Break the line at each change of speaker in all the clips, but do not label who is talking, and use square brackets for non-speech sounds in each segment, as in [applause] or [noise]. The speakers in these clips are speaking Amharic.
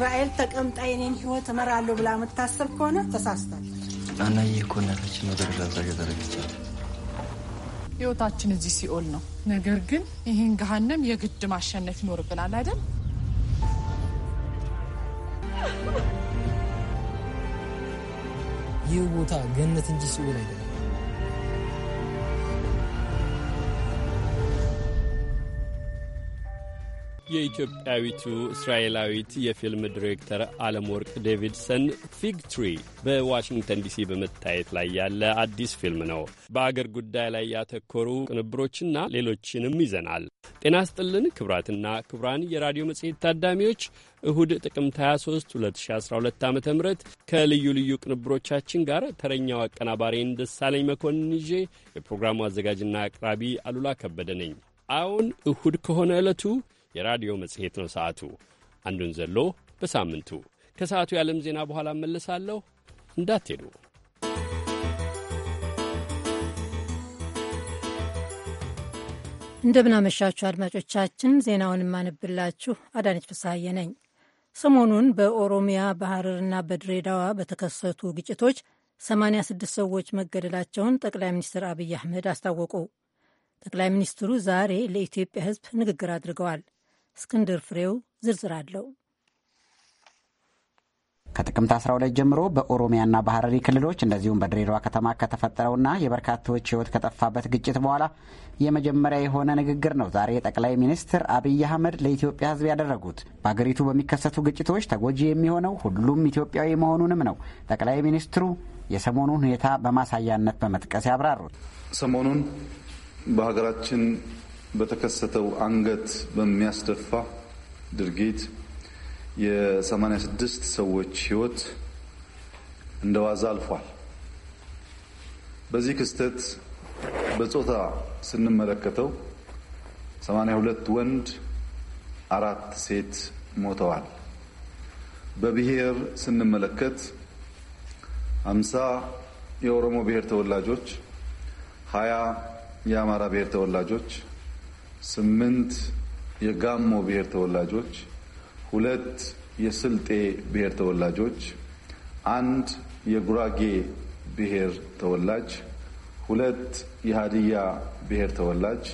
እስራኤል ተቀምጣ የኔን ህይወት እመራለሁ
ብላ የምታስብ ከሆነ ተሳስታል።
አናዬ እኮ እናታችን ነው ተደራዛ ገጠረግቻል።
ህይወታችን እዚህ ሲኦል ነው። ነገር ግን ይህን ገሃነም የግድ ማሸነፍ
ይኖርብናል አይደል? ይህ ቦታ ገነት እንጂ ሲኦል አይደለም።
የኢትዮጵያዊቱ እስራኤላዊት የፊልም ዲሬክተር አለም ወርቅ ዴቪድሰን ፊግ ትሪ በዋሽንግተን ዲሲ በመታየት ላይ ያለ አዲስ ፊልም ነው። በአገር ጉዳይ ላይ ያተኮሩ ቅንብሮችና ሌሎችንም ይዘናል። ጤና ስጥልን ክብራትና ክብራን የራዲዮ መጽሔት ታዳሚዎች እሁድ ጥቅምት 23 2012 ዓ ም ከልዩ ልዩ ቅንብሮቻችን ጋር ተረኛው አቀናባሪ እንደሳለኝ መኮንን ይዤ የፕሮግራሙ አዘጋጅና አቅራቢ አሉላ ከበደ ነኝ። አሁን እሁድ ከሆነ ዕለቱ የራዲዮ መጽሔት ነው ሰዓቱ። አንዱን ዘሎ በሳምንቱ ከሰዓቱ የዓለም ዜና በኋላ እመለሳለሁ። እንዳትሄዱ።
እንደምናመሻችሁ አድማጮቻችን፣ ዜናውን የማነብላችሁ አዳነች ፍስሐዬ ነኝ። ሰሞኑን በኦሮሚያ በሐረርና በድሬዳዋ በተከሰቱ ግጭቶች 86 ሰዎች መገደላቸውን ጠቅላይ ሚኒስትር አብይ አህመድ አስታወቁ። ጠቅላይ ሚኒስትሩ ዛሬ ለኢትዮጵያ ሕዝብ ንግግር አድርገዋል። እስክንድር ፍሬው ዝርዝር አለው።
ከጥቅምት 12 ጀምሮ በኦሮሚያና በሐረሪ ክልሎች እንደዚሁም በድሬዳዋ ከተማ ከተፈጠረውና የበርካቶች ሕይወት ከጠፋበት ግጭት በኋላ የመጀመሪያ የሆነ ንግግር ነው ዛሬ ጠቅላይ ሚኒስትር አብይ አህመድ ለኢትዮጵያ ሕዝብ ያደረጉት። በአገሪቱ በሚከሰቱ ግጭቶች ተጎጂ የሚሆነው ሁሉም ኢትዮጵያዊ መሆኑንም ነው ጠቅላይ ሚኒስትሩ የሰሞኑን ሁኔታ በማሳያነት በመጥቀስ ያብራሩት።
ሰሞኑን በሀገራችን በተከሰተው አንገት በሚያስደፋ ድርጊት የ86 ሰዎች ህይወት እንደ ዋዛ አልፏል። በዚህ ክስተት በጾታ ስንመለከተው 82 ወንድ፣ አራት ሴት ሞተዋል። በብሔር ስንመለከት 50 የኦሮሞ ብሔር ተወላጆች፣ 20 የአማራ ብሔር ተወላጆች ስምንት የጋሞ ብሔር ተወላጆች፣ ሁለት የስልጤ ብሔር ተወላጆች፣ አንድ የጉራጌ ብሔር ተወላጅ፣ ሁለት የሀዲያ ብሔር ተወላጅ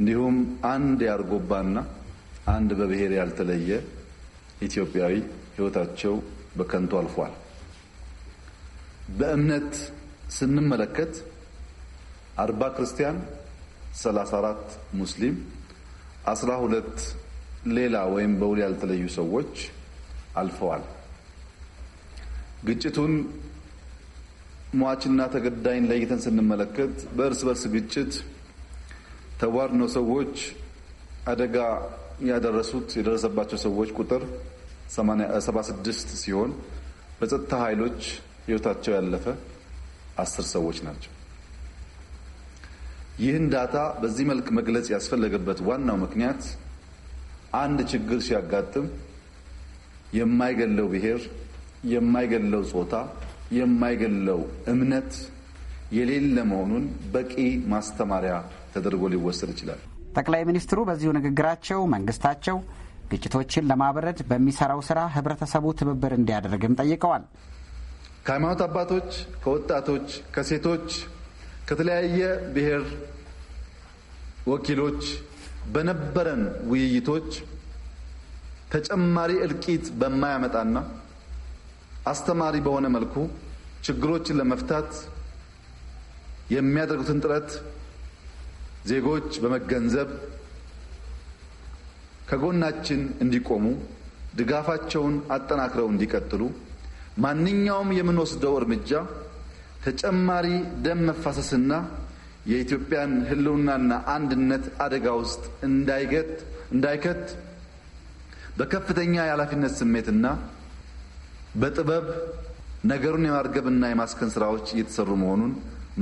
እንዲሁም አንድ የአርጎባና አንድ በብሔር ያልተለየ ኢትዮጵያዊ ሕይወታቸው በከንቱ አልፏል። በእምነት ስንመለከት አርባ ክርስቲያን 34 ሙስሊም፣ 12 ሌላ ወይም በውል ያልተለዩ ሰዎች አልፈዋል። ግጭቱን ሟችና ተገዳይን ለይተን ስንመለከት በእርስ በርስ ግጭት ተቧድነው ሰዎች አደጋ ያደረሱት የደረሰባቸው ሰዎች ቁጥር 76 ሲሆን በጸጥታ ኃይሎች ሕይወታቸው ያለፈ አስር ሰዎች ናቸው። ይህን ዳታ በዚህ መልክ መግለጽ ያስፈለገበት ዋናው ምክንያት አንድ ችግር ሲያጋጥም የማይገለው ብሔር፣ የማይገለው ጾታ፣ የማይገለው እምነት የሌለ መሆኑን በቂ ማስተማሪያ ተደርጎ ሊወሰድ ይችላል።
ጠቅላይ ሚኒስትሩ በዚሁ ንግግራቸው መንግስታቸው ግጭቶችን ለማብረድ በሚሰራው ስራ ህብረተሰቡ ትብብር እንዲያደርግም ጠይቀዋል።
ከሃይማኖት አባቶች፣ ከወጣቶች፣ ከሴቶች ከተለያየ ብሔር ወኪሎች በነበረን ውይይቶች ተጨማሪ እልቂት በማያመጣና አስተማሪ በሆነ መልኩ ችግሮችን ለመፍታት የሚያደርጉትን ጥረት ዜጎች በመገንዘብ ከጎናችን እንዲቆሙ ድጋፋቸውን አጠናክረው እንዲቀጥሉ ማንኛውም የምንወስደው እርምጃ ተጨማሪ ደም መፋሰስና የኢትዮጵያን ሕልውናና አንድነት አደጋ ውስጥ እንዳይገት እንዳይከት በከፍተኛ የኃላፊነት ስሜትና በጥበብ ነገሩን የማርገብና የማስከን ስራዎች እየተሰሩ መሆኑን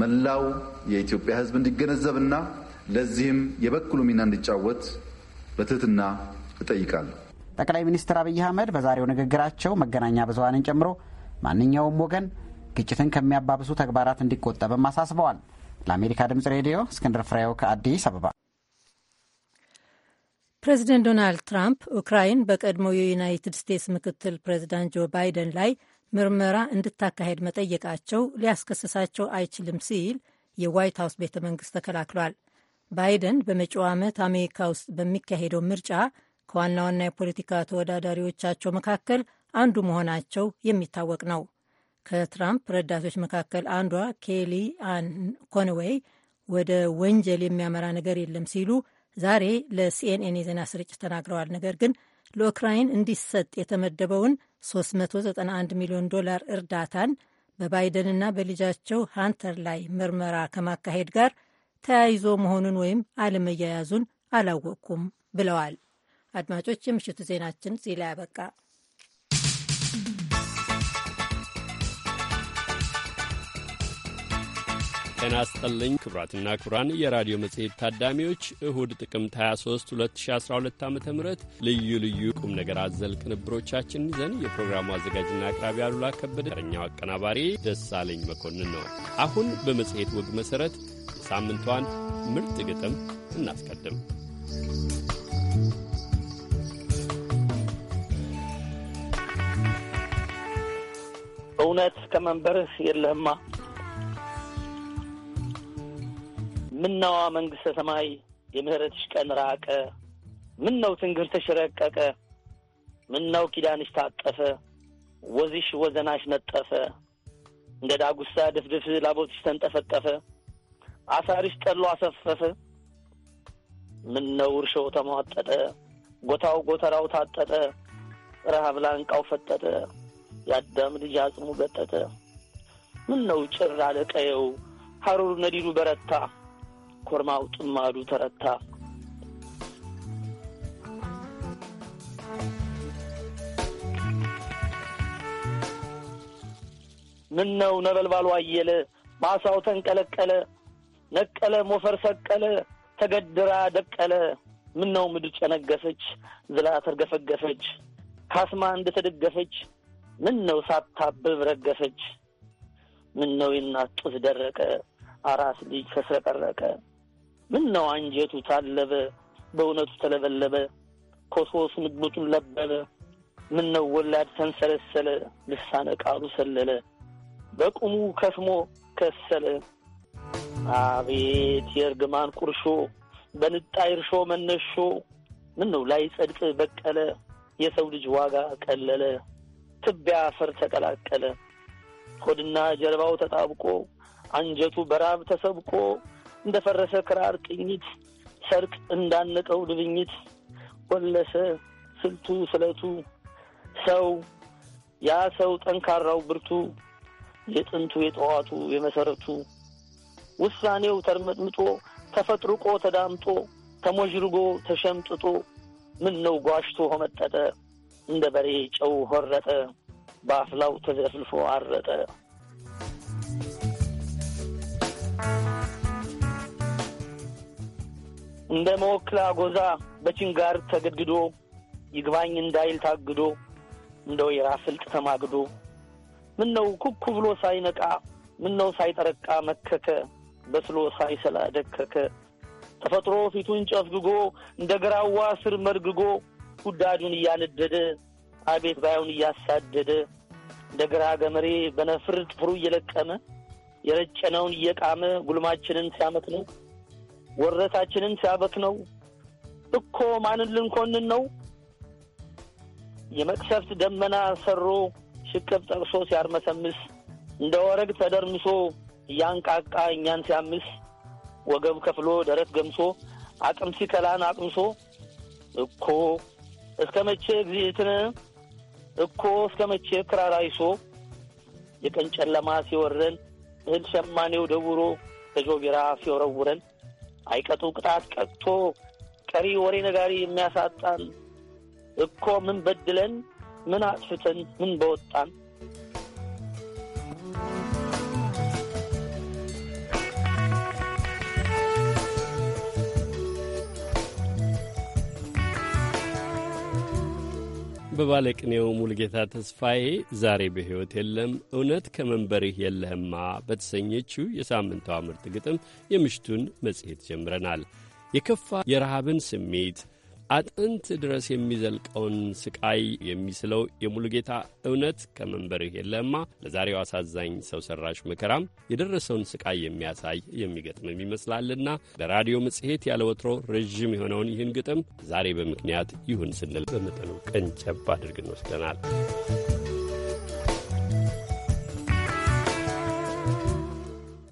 መላው የኢትዮጵያ ሕዝብ እንዲገነዘብና ለዚህም የበኩሉ ሚና እንዲጫወት በትህትና እጠይቃለሁ።
ጠቅላይ ሚኒስትር አብይ አህመድ በዛሬው ንግግራቸው መገናኛ ብዙሀንን ጨምሮ ማንኛውም ወገን ግጭትን ከሚያባብሱ ተግባራት እንዲቆጠብም አሳስበዋል። ለአሜሪካ ድምጽ ሬዲዮ እስክንድር ፍሬው ከአዲስ አበባ።
ፕሬዚደንት ዶናልድ ትራምፕ ኡክራይን በቀድሞው የዩናይትድ ስቴትስ ምክትል ፕሬዚዳንት ጆ ባይደን ላይ ምርመራ እንድታካሄድ መጠየቃቸው ሊያስከስሳቸው አይችልም ሲል የዋይት ሀውስ ቤተ መንግስት ተከላክሏል። ባይደን በመጪው ዓመት አሜሪካ ውስጥ በሚካሄደው ምርጫ ከዋና ዋና የፖለቲካ ተወዳዳሪዎቻቸው መካከል አንዱ መሆናቸው የሚታወቅ ነው። ከትራምፕ ረዳቶች መካከል አንዷ ኬሊ አን ኮንዌይ ወደ ወንጀል የሚያመራ ነገር የለም ሲሉ ዛሬ ለሲኤንኤን የዜና ስርጭት ተናግረዋል። ነገር ግን ለኡክራይን እንዲሰጥ የተመደበውን 391 ሚሊዮን ዶላር እርዳታን በባይደንና በልጃቸው ሃንተር ላይ ምርመራ ከማካሄድ ጋር ተያይዞ መሆኑን ወይም አለመያያዙን አላወቅኩም ብለዋል። አድማጮች፣ የምሽቱ ዜናችን ዚህ ላይ ያበቃ።
ጤና ስጠልኝ ክቡራትና ክቡራን የራዲዮ መጽሔት ታዳሚዎች እሁድ ጥቅምት 23 2012 ዓ ም ልዩ ልዩ ቁም ነገር አዘል ቅንብሮቻችን ይዘን የፕሮግራሙ አዘጋጅና አቅራቢ አሉላ ከበደ ረኛው አቀናባሪ ደሳለኝ መኮንን ነው። አሁን በመጽሔት ወግ መሠረት የሳምንቷን ምርጥ ግጥም እናስቀድም።
እውነት ከመንበርህ የለህማ ምነዋ መንግሥተ ሰማይ የምህረትሽ ቀን ራቀ፣ ምነው ትንግርትሽ ረቀቀ፣ ምነው ኪዳንሽ ታጠፈ፣ ወዚሽ ወዘናሽ ነጠፈ፣ እንደ ዳጉሳ ድፍድፍ ላቦትሽ ተንጠፈጠፈ፣ አሳሪሽ ጠሎ አሰፈፈ፣ ምነው እርሾው ተሟጠጠ፣ ጎታው ጎተራው ታጠጠ፣ ረሃብ ላንቃው ፈጠጠ፣ የአዳም ልጅ አጽሙ በጠጠ ምነው ጭር አለ ቀየው፣ ሐሩር ነዲዱ በረታ ኮርማው ጥማዱ ተረታ ምን ነው ነበልባሉ አየለ ማሳው ተንቀለቀለ ነቀለ ሞፈር ሰቀለ ተገድራ ደቀለ ምን ነው ምድር ጨነገፈች ዝላ ተርገፈገፈች ካስማ እንደተደገፈች ምን ነው ሳታብብ ረገፈች ምን ነው የናት ጡት ደረቀ አራስ ልጅ ተስረቀረቀ ምን ነው አንጀቱ ታለበ፣ በእውነቱ ተለበለበ፣ ኮሶስ ምግቡቱን ለበበ፣ ምን ነው ወላድ ተንሰለሰለ፣ ልሳነ ቃሉ ሰለለ፣ በቁሙ ከስሞ ከሰለ። አቤት የእርግማን ቁርሾ በንጣይ እርሾ መነሾ ምን ነው ላይ ጸድቅ በቀለ፣ የሰው ልጅ ዋጋ ቀለለ፣ ትቢያ አፈር ተቀላቀለ፣ ሆድና ጀርባው ተጣብቆ አንጀቱ በራብ ተሰብቆ እንደፈረሰ ክራር ቅኝት ሰርቅ እንዳነቀው ድብኝት ወለሰ ስልቱ ስለቱ ሰው ያ ሰው ጠንካራው ብርቱ የጥንቱ የጠዋቱ የመሰረቱ ውሳኔው ተርመጥምጦ ተፈጥርቆ ተዳምጦ ተሞዥርጎ ተሸምጥጦ ምን ነው ጓሽቶ ሆመጠጠ እንደ በሬ ጨው ሆረጠ በአፍላው ተዘፍልፎ አረጠ። እንደ መወክላ ጎዛ በችንጋር ተገድግዶ ይግባኝ እንዳይል ታግዶ እንደው የራስ ተማግዶ ምን ነው ኩኩ ብሎ ሳይነቃ ምን ነው ሳይጠረቃ መከከ በስሎ ሳይሰላ ደከከ ተፈጥሮ ፊቱን ጨፍግጎ እንደ ግራዋ ስር መርግጎ ውዳዱን እያነደደ አቤት ባዩን እያሳደደ እንደ ግራ ገመሬ በነፍር ጥፍሩ እየለቀመ የረጨነውን እየቃመ ጉልማችንን ሲያመት ነው ወረታችንን ሲያበክ ነው እኮ ማንን ልንኮንን ነው? የመቅሰፍት ደመና ሰሮ ሽቅብ ጠቅሶ ሲያርመሰምስ እንደ ወረግ ተደርምሶ እያንቃቃ እኛን ሲያምስ ወገብ ከፍሎ ደረት ገምሶ አቅም ሲከላን አቅምሶ እኮ እስከ መቼ እግዚእትነ እኮ እስከ መቼ ክራር አይሶ የቀን ጨለማ ሲወረን እህል ሸማኔው ደውሮ ተጆቢራ ሲወረውረን አይቀጡ ቅጣት ቀጥቶ ቀሪ ወሬ ነጋሪ የሚያሳጣን እኮ ምን በድለን ምን አጥፍተን ምን በወጣን
በባለቅኔው ሙልጌታ ተስፋዬ ዛሬ በሕይወት የለም እውነት ከመንበርህ የለህማ በተሰኘችው የሳምንቷ ምርጥ ግጥም የምሽቱን መጽሔት ጀምረናል። የከፋ የረሃብን ስሜት አጥንት ድረስ የሚዘልቀውን ስቃይ የሚስለው የሙሉጌታ እውነት ከመንበርህ የለማ ለዛሬው አሳዛኝ ሰው ሰራሽ መከራም የደረሰውን ስቃይ የሚያሳይ የሚገጥምም ይመስላልና ለራዲዮ መጽሔት ያለ ወትሮ ረዥም የሆነውን ይህን ግጥም ዛሬ በምክንያት ይሁን ስንል በመጠኑ ቀንጨብ አድርገን ወስደናል።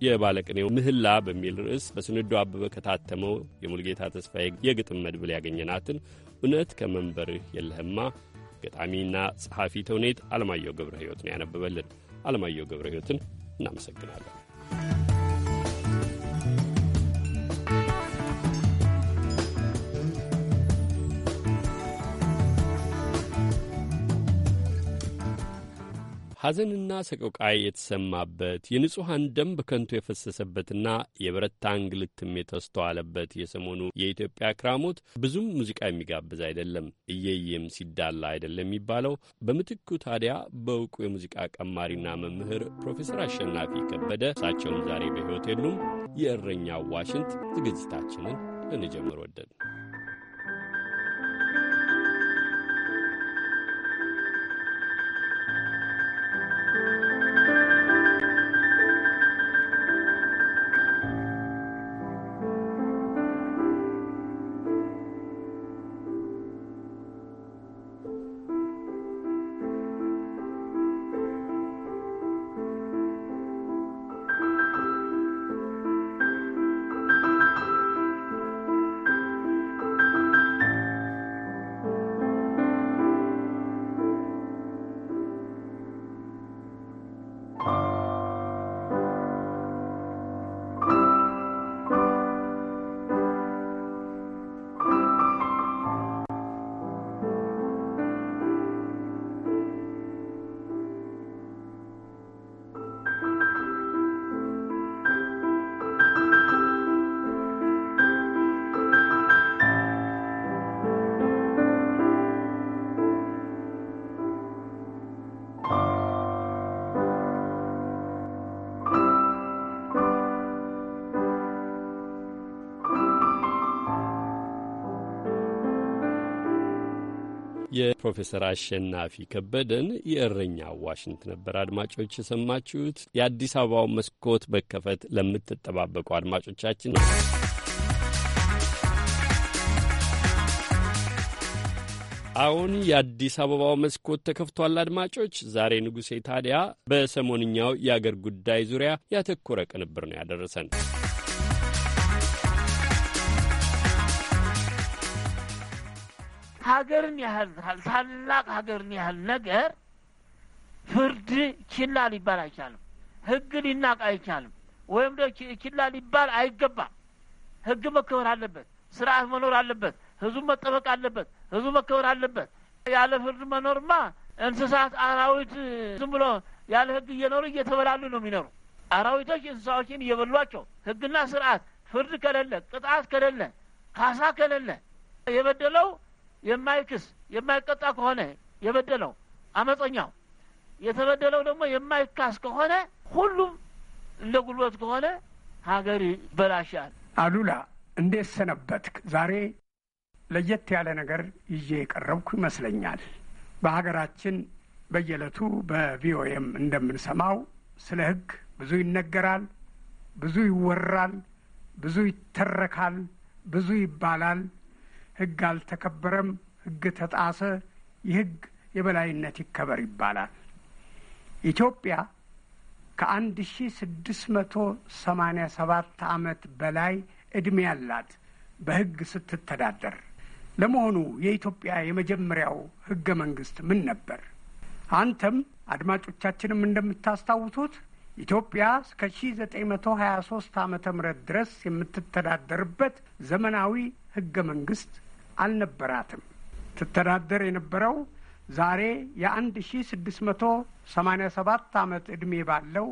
የባለቅኔው ምህላ በሚል ርዕስ በስንዱ አበበ ከታተመው የሙልጌታ ተስፋዬ የግጥም መድብል ያገኘናትን እውነት ከመንበርህ የለህማ ገጣሚና ጸሐፊ ተውኔት አለማየሁ ገብረ ሕይወትን ያነበበልን። አለማየሁ ገብረ ሕይወትን እናመሰግናለን። ሐዘንና ሰቆቃይ የተሰማበት የንጹሐን ደም በከንቱ የፈሰሰበትና የበረታ እንግልትም የተስተዋለበት የሰሞኑ የኢትዮጵያ ክራሞት ብዙም ሙዚቃ የሚጋብዝ አይደለም። እየየም ሲዳላ አይደለም የሚባለው። በምትኩ ታዲያ በእውቁ የሙዚቃ ቀማሪና መምህር ፕሮፌሰር አሸናፊ ከበደ እሳቸውም ዛሬ በሕይወት የሉም፣ የእረኛው ዋሽንት ዝግጅታችንን ልንጀምር ወደድ ፕሮፌሰር አሸናፊ ከበደን የእረኛ ዋሽንት ነበር አድማጮች የሰማችሁት። የአዲስ አበባው መስኮት መከፈት ለምትጠባበቁ አድማጮቻችን ነው። አሁን የአዲስ አበባው መስኮት ተከፍቷል። አድማጮች ዛሬ ንጉሴ ታዲያ በሰሞንኛው የአገር ጉዳይ ዙሪያ ያተኮረ ቅንብር ነው ያደረሰን።
ሀገርን ያህል ታላቅ ሀገርን ያህል ነገር ፍርድ ችላ ሊባል አይቻልም። ህግ ሊናቅ አይቻልም። ወይም ደ ችላ ሊባል አይገባም። ህግ መከበር አለበት። ስርዓት መኖር አለበት። ህዝቡ መጠበቅ አለበት። ህዝቡ መከበር አለበት። ያለ ፍርድ መኖርማ እንስሳት፣ አራዊት ዝም ብሎ ያለ ህግ እየኖሩ እየተበላሉ ነው የሚኖሩ። አራዊቶች እንስሳዎችን እየበሏቸው፣ ህግና ስርዓት ፍርድ ከሌለ፣ ቅጣት ከሌለ፣ ካሳ ከሌለ የበደለው የማይክስ የማይቀጣ ከሆነ የበደለው አመፀኛው የተበደለው ደግሞ የማይካስ ከሆነ ሁሉም እንደ ጉልበት ከሆነ ሀገር ይበላሻል።
አሉላ እንዴት ሰነበትክ? ዛሬ ለየት ያለ ነገር ይዤ የቀረብኩ ይመስለኛል። በሀገራችን በየዕለቱ በቪኦኤም እንደምንሰማው ስለ ሕግ ብዙ ይነገራል፣ ብዙ ይወራል፣ ብዙ ይተረካል፣ ብዙ ይባላል፣ ህግ አልተከበረም፣ ህግ ተጣሰ፣ የህግ የበላይነት ይከበር ይባላል። ኢትዮጵያ ከአንድ ሺ ስድስት መቶ ሰማኒያ ሰባት ዓመት በላይ ዕድሜ ያላት በህግ ስትተዳደር ለመሆኑ የኢትዮጵያ የመጀመሪያው ህገ መንግስት ምን ነበር? አንተም አድማጮቻችንም እንደምታስታውሱት ኢትዮጵያ እስከ ሺ ዘጠኝ መቶ ሀያ ሶስት ዓመተ ድረስ የምትተዳደርበት ዘመናዊ ህገ መንግስት አልነበራትም። ትተዳደር የነበረው ዛሬ የአንድ ሺ ስድስት መቶ ሰማኒያ ሰባት ዓመት ዕድሜ ባለው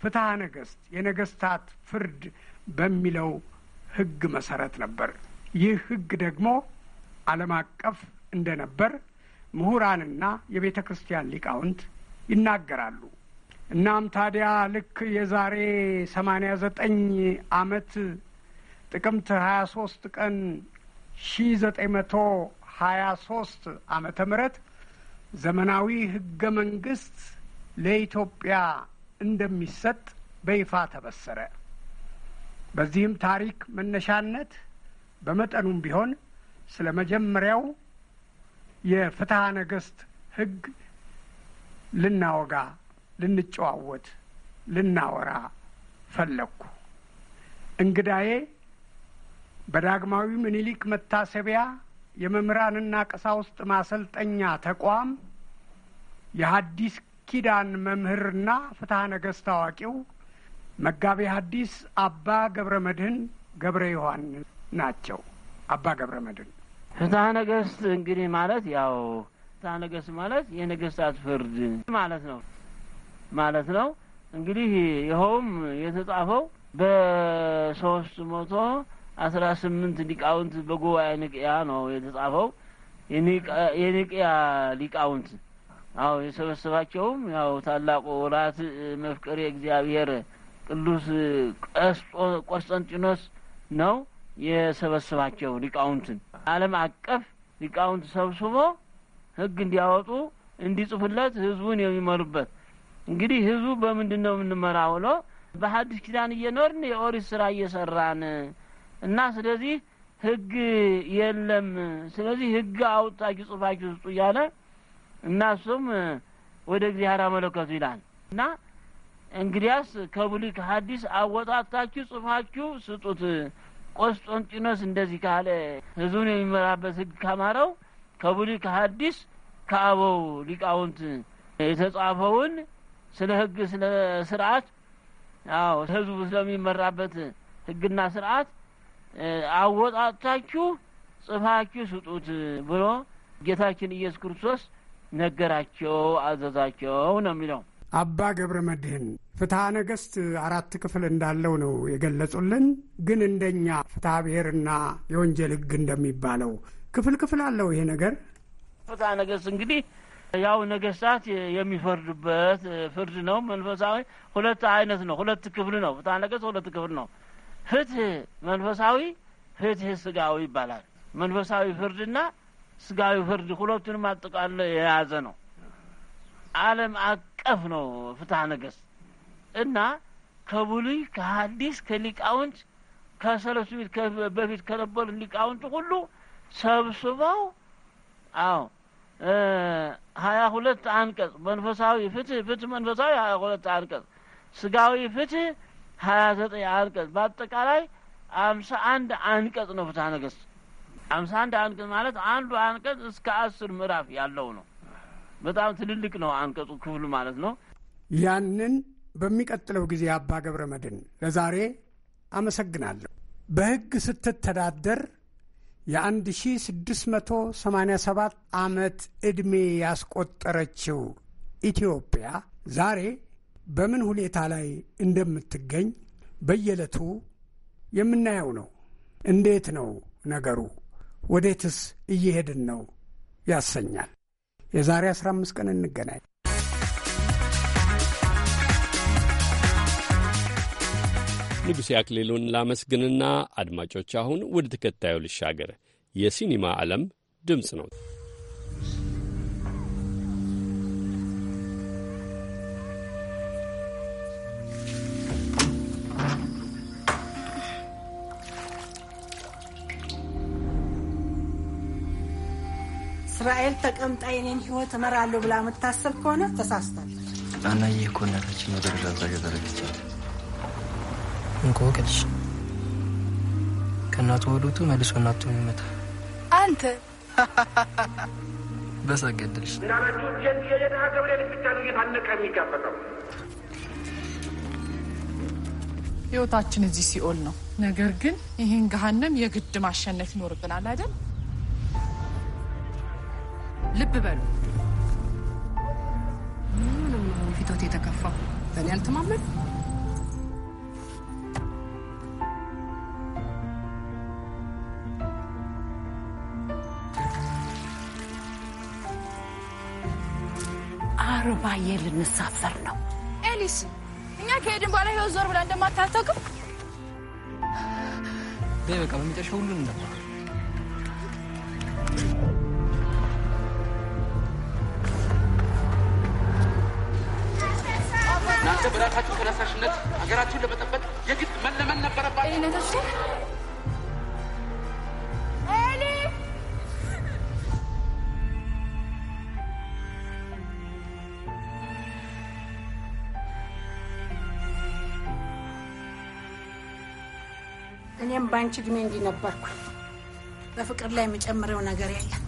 ፍትሐ ነገሥት የነገሥታት ፍርድ በሚለው ሕግ መሰረት ነበር። ይህ ሕግ ደግሞ ዓለም አቀፍ እንደነበር ምሁራንና የቤተ ክርስቲያን ሊቃውንት ይናገራሉ። እናም ታዲያ ልክ የዛሬ ሰማኒያ ዘጠኝ ዓመት ጥቅምት ሀያ ሶስት ቀን ሺህ ዘጠኝ ምህረት ዘመናዊ ህገ መንግስት ለኢትዮጵያ እንደሚሰጥ በይፋ ተበሰረ። በዚህም ታሪክ መነሻነት በመጠኑም ቢሆን ስለ መጀመሪያው የፍትሐ ነገሥት ህግ ልናወጋ፣ ልንጨዋወት፣ ልናወራ ፈለግኩ። እንግዳዬ በዳግማዊ ምኒልክ መታሰቢያ የመምህራንና ቀሳውስት ማሰልጠኛ ተቋም የሐዲስ ኪዳን መምህርና ፍትሐ ነገሥት አዋቂው መጋቤ ሐዲስ አባ ገብረ መድህን ገብረ ዮሐን ናቸው። አባ ገብረ መድህን ፍትሐ ነገሥት
እንግዲህ ማለት ያው ፍትሐ ነገሥት ማለት የነገስታት ፍርድ ማለት ነው ማለት ነው። እንግዲህ ይኸውም የተጻፈው በሶስት መቶ አስራ ስምንት ሊቃውንት በጉባኤ ንቅያ ነው የተጻፈው። የንቅያ ሊቃውንት አዎ የሰበሰባቸውም ያው ታላቁ ወራት መፍቀሪ እግዚአብሔር ቅዱስ ቆስጠንጢኖስ ነው የሰበሰባቸው ሊቃውንትን ዓለም አቀፍ ሊቃውንት ሰብስቦ ሕግ እንዲያወጡ እንዲጽፉለት ህዝቡን የሚመሩበት እንግዲህ ህዝቡ በምንድን ነው የምንመራ ብሎ በሐዲስ ኪዳን እየኖርን የኦሪት ስራ እየሰራን እና ስለዚህ ህግ የለም። ስለዚህ ህግ አውጣችሁ ጽፋችሁ ስጡ እያለ እናሱም ወደ እግዚአብሔር አመለከቱ ይላል እና እንግዲያስ ከብሉይ ከሐዲስ አወጣታችሁ ጽፋችሁ ስጡት። ቆስጦንጢኖስ እንደዚህ ካለ ህዝቡን የሚመራበት ህግ ካማረው ከብሉይ ከሐዲስ ከአበው ሊቃውንት የተጻፈውን ስለ ህግ ስለ ስርዓት አዎ ህዝቡ ስለሚመራበት ህግና ስርዓት አወጣታችሁ ጽፋችሁ ስጡት ብሎ ጌታችን ኢየሱስ ክርስቶስ ነገራቸው፣ አዘዛቸው ነው የሚለው።
አባ ገብረ መድህን ፍትሐ ነገሥት አራት ክፍል እንዳለው ነው የገለጹልን። ግን እንደኛ ፍትሐ ብሔርና የወንጀል ሕግ እንደሚባለው ክፍል ክፍል አለው ይሄ ነገር።
ፍትሐ ነገሥት እንግዲህ ያው ነገስታት የሚፈርዱበት ፍርድ ነው። መንፈሳዊ ሁለት አይነት ነው፣ ሁለት ክፍል ነው። ፍትሐ ነገሥት ሁለት ክፍል ነው። ፍትህ መንፈሳዊ፣ ፍትህ ስጋዊ ይባላል። መንፈሳዊ ፍርድና ስጋዊ ፍርድ ሁለቱንም አጠቃሎ የያዘ ነው። ዓለም አቀፍ ነው ፍትሐ ነገሥት እና ከብሉይ ከሐዲስ ከሊቃውንት ከሰለስቱ በፊት ከነበሩ ሊቃውንት ሁሉ ሰብስበው አዎ ሀያ ሁለት አንቀጽ መንፈሳዊ ፍትህ ፍትህ መንፈሳዊ ሀያ ሁለት አንቀጽ ስጋዊ ፍትህ ሀያ ዘጠኝ አንቀጽ በአጠቃላይ አምሳ አንድ አንቀጽ ነው ፍትሀ ነገስት። አምሳ አንድ አንቀጽ ማለት አንዱ አንቀጽ እስከ አስር ምዕራፍ ያለው ነው። በጣም ትልልቅ ነው አንቀጹ ክፍል ማለት ነው።
ያንን በሚቀጥለው ጊዜ አባ ገብረ መድን ለዛሬ አመሰግናለሁ። በሕግ ስትተዳደር የአንድ ሺ ስድስት መቶ የ ሰባት ዓመት ዕድሜ ያስቆጠረችው ኢትዮጵያ ዛሬ በምን ሁኔታ ላይ እንደምትገኝ በየዕለቱ የምናየው ነው። እንዴት ነው ነገሩ? ወዴትስ እየሄድን ነው ያሰኛል። የዛሬ 15 ቀን እንገናኝ።
ንጉሴ አክሊሉን ላመስግንና አድማጮች፣ አሁን ወደ ተከታዩ ልሻገር። የሲኒማ ዓለም ድምፅ ነው።
እስራኤል ተቀምጣ የኔን ህይወት እመራለሁ ብላ የምታሰብ ከሆነ ተሳስታል።
ይህ እኮ እናታችን
ወደ ረዳዛ ገዘረግቻል
እንቆቅልሽ ከእናቱ ወዱቱ መልሶ እናቱ ይመታ
አንተ በሳገድልሽ ህይወታችን እዚህ ሲኦል ነው። ነገር ግን ይህን ገሃነም የግድ ማሸነፍ ይኖርብናል አይደል? ልብ በሉ። ምንም ፊቶት የተከፋ በእኔ አልተማመን
አርባዬ ልንሳፈር ነው
ኤሊስ። እኛ ከሄድን በኋላ ህይወት ዞር ብላ እንደማታተቅም
በቃ በሚጠሻ ሁሉን
እናንተ በራሳችሁ ተነሳሽነት ሀገራችሁን ለመጠበቅ የግድ መለመን ነበረባችሁ።
እኔም
በአንቺ እድሜ እንዲህ ነበርኩ። በፍቅር ላይ የምጨምረው ነገር የለም።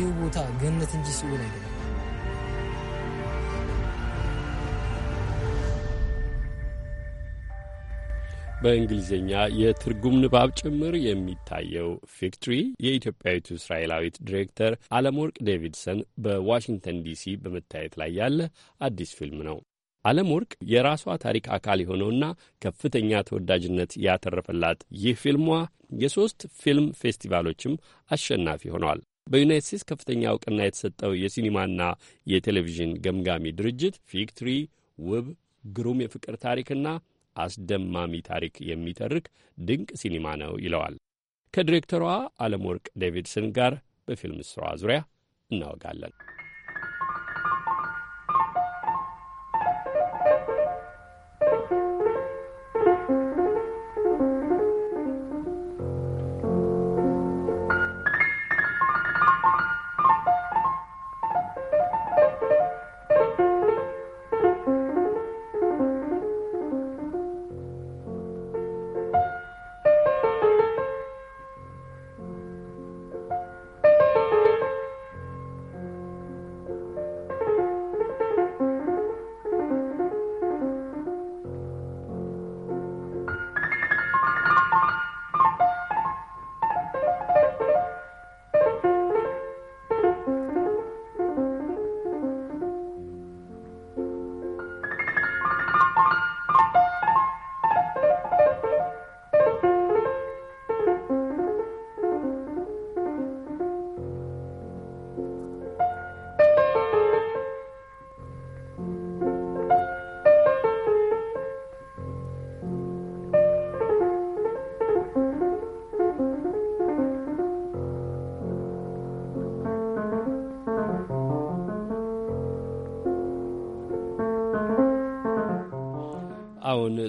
ይህ ቦታ ገነት
እንጂ ሲኦል አይደለም።
በእንግሊዝኛ የትርጉም ንባብ ጭምር የሚታየው ፊክትሪ የኢትዮጵያዊቱ እስራኤላዊት ዲሬክተር አለምወርቅ ዴቪድሰን በዋሽንግተን ዲሲ በመታየት ላይ ያለ አዲስ ፊልም ነው። አለምወርቅ የራሷ ታሪክ አካል የሆነውና ከፍተኛ ተወዳጅነት ያተረፈላት ይህ ፊልሟ የሦስት ፊልም ፌስቲቫሎችም አሸናፊ ሆኗል። በዩናይት ስቴትስ ከፍተኛ እውቅና የተሰጠው የሲኒማና የቴሌቪዥን ገምጋሚ ድርጅት ፊክትሪ ውብ ግሩም የፍቅር ታሪክና አስደማሚ ታሪክ የሚተርክ ድንቅ ሲኒማ ነው ይለዋል። ከዲሬክተሯ አለምወርቅ ወርቅ ዴቪድሰን ጋር በፊልም ስራዋ ዙሪያ እናወጋለን።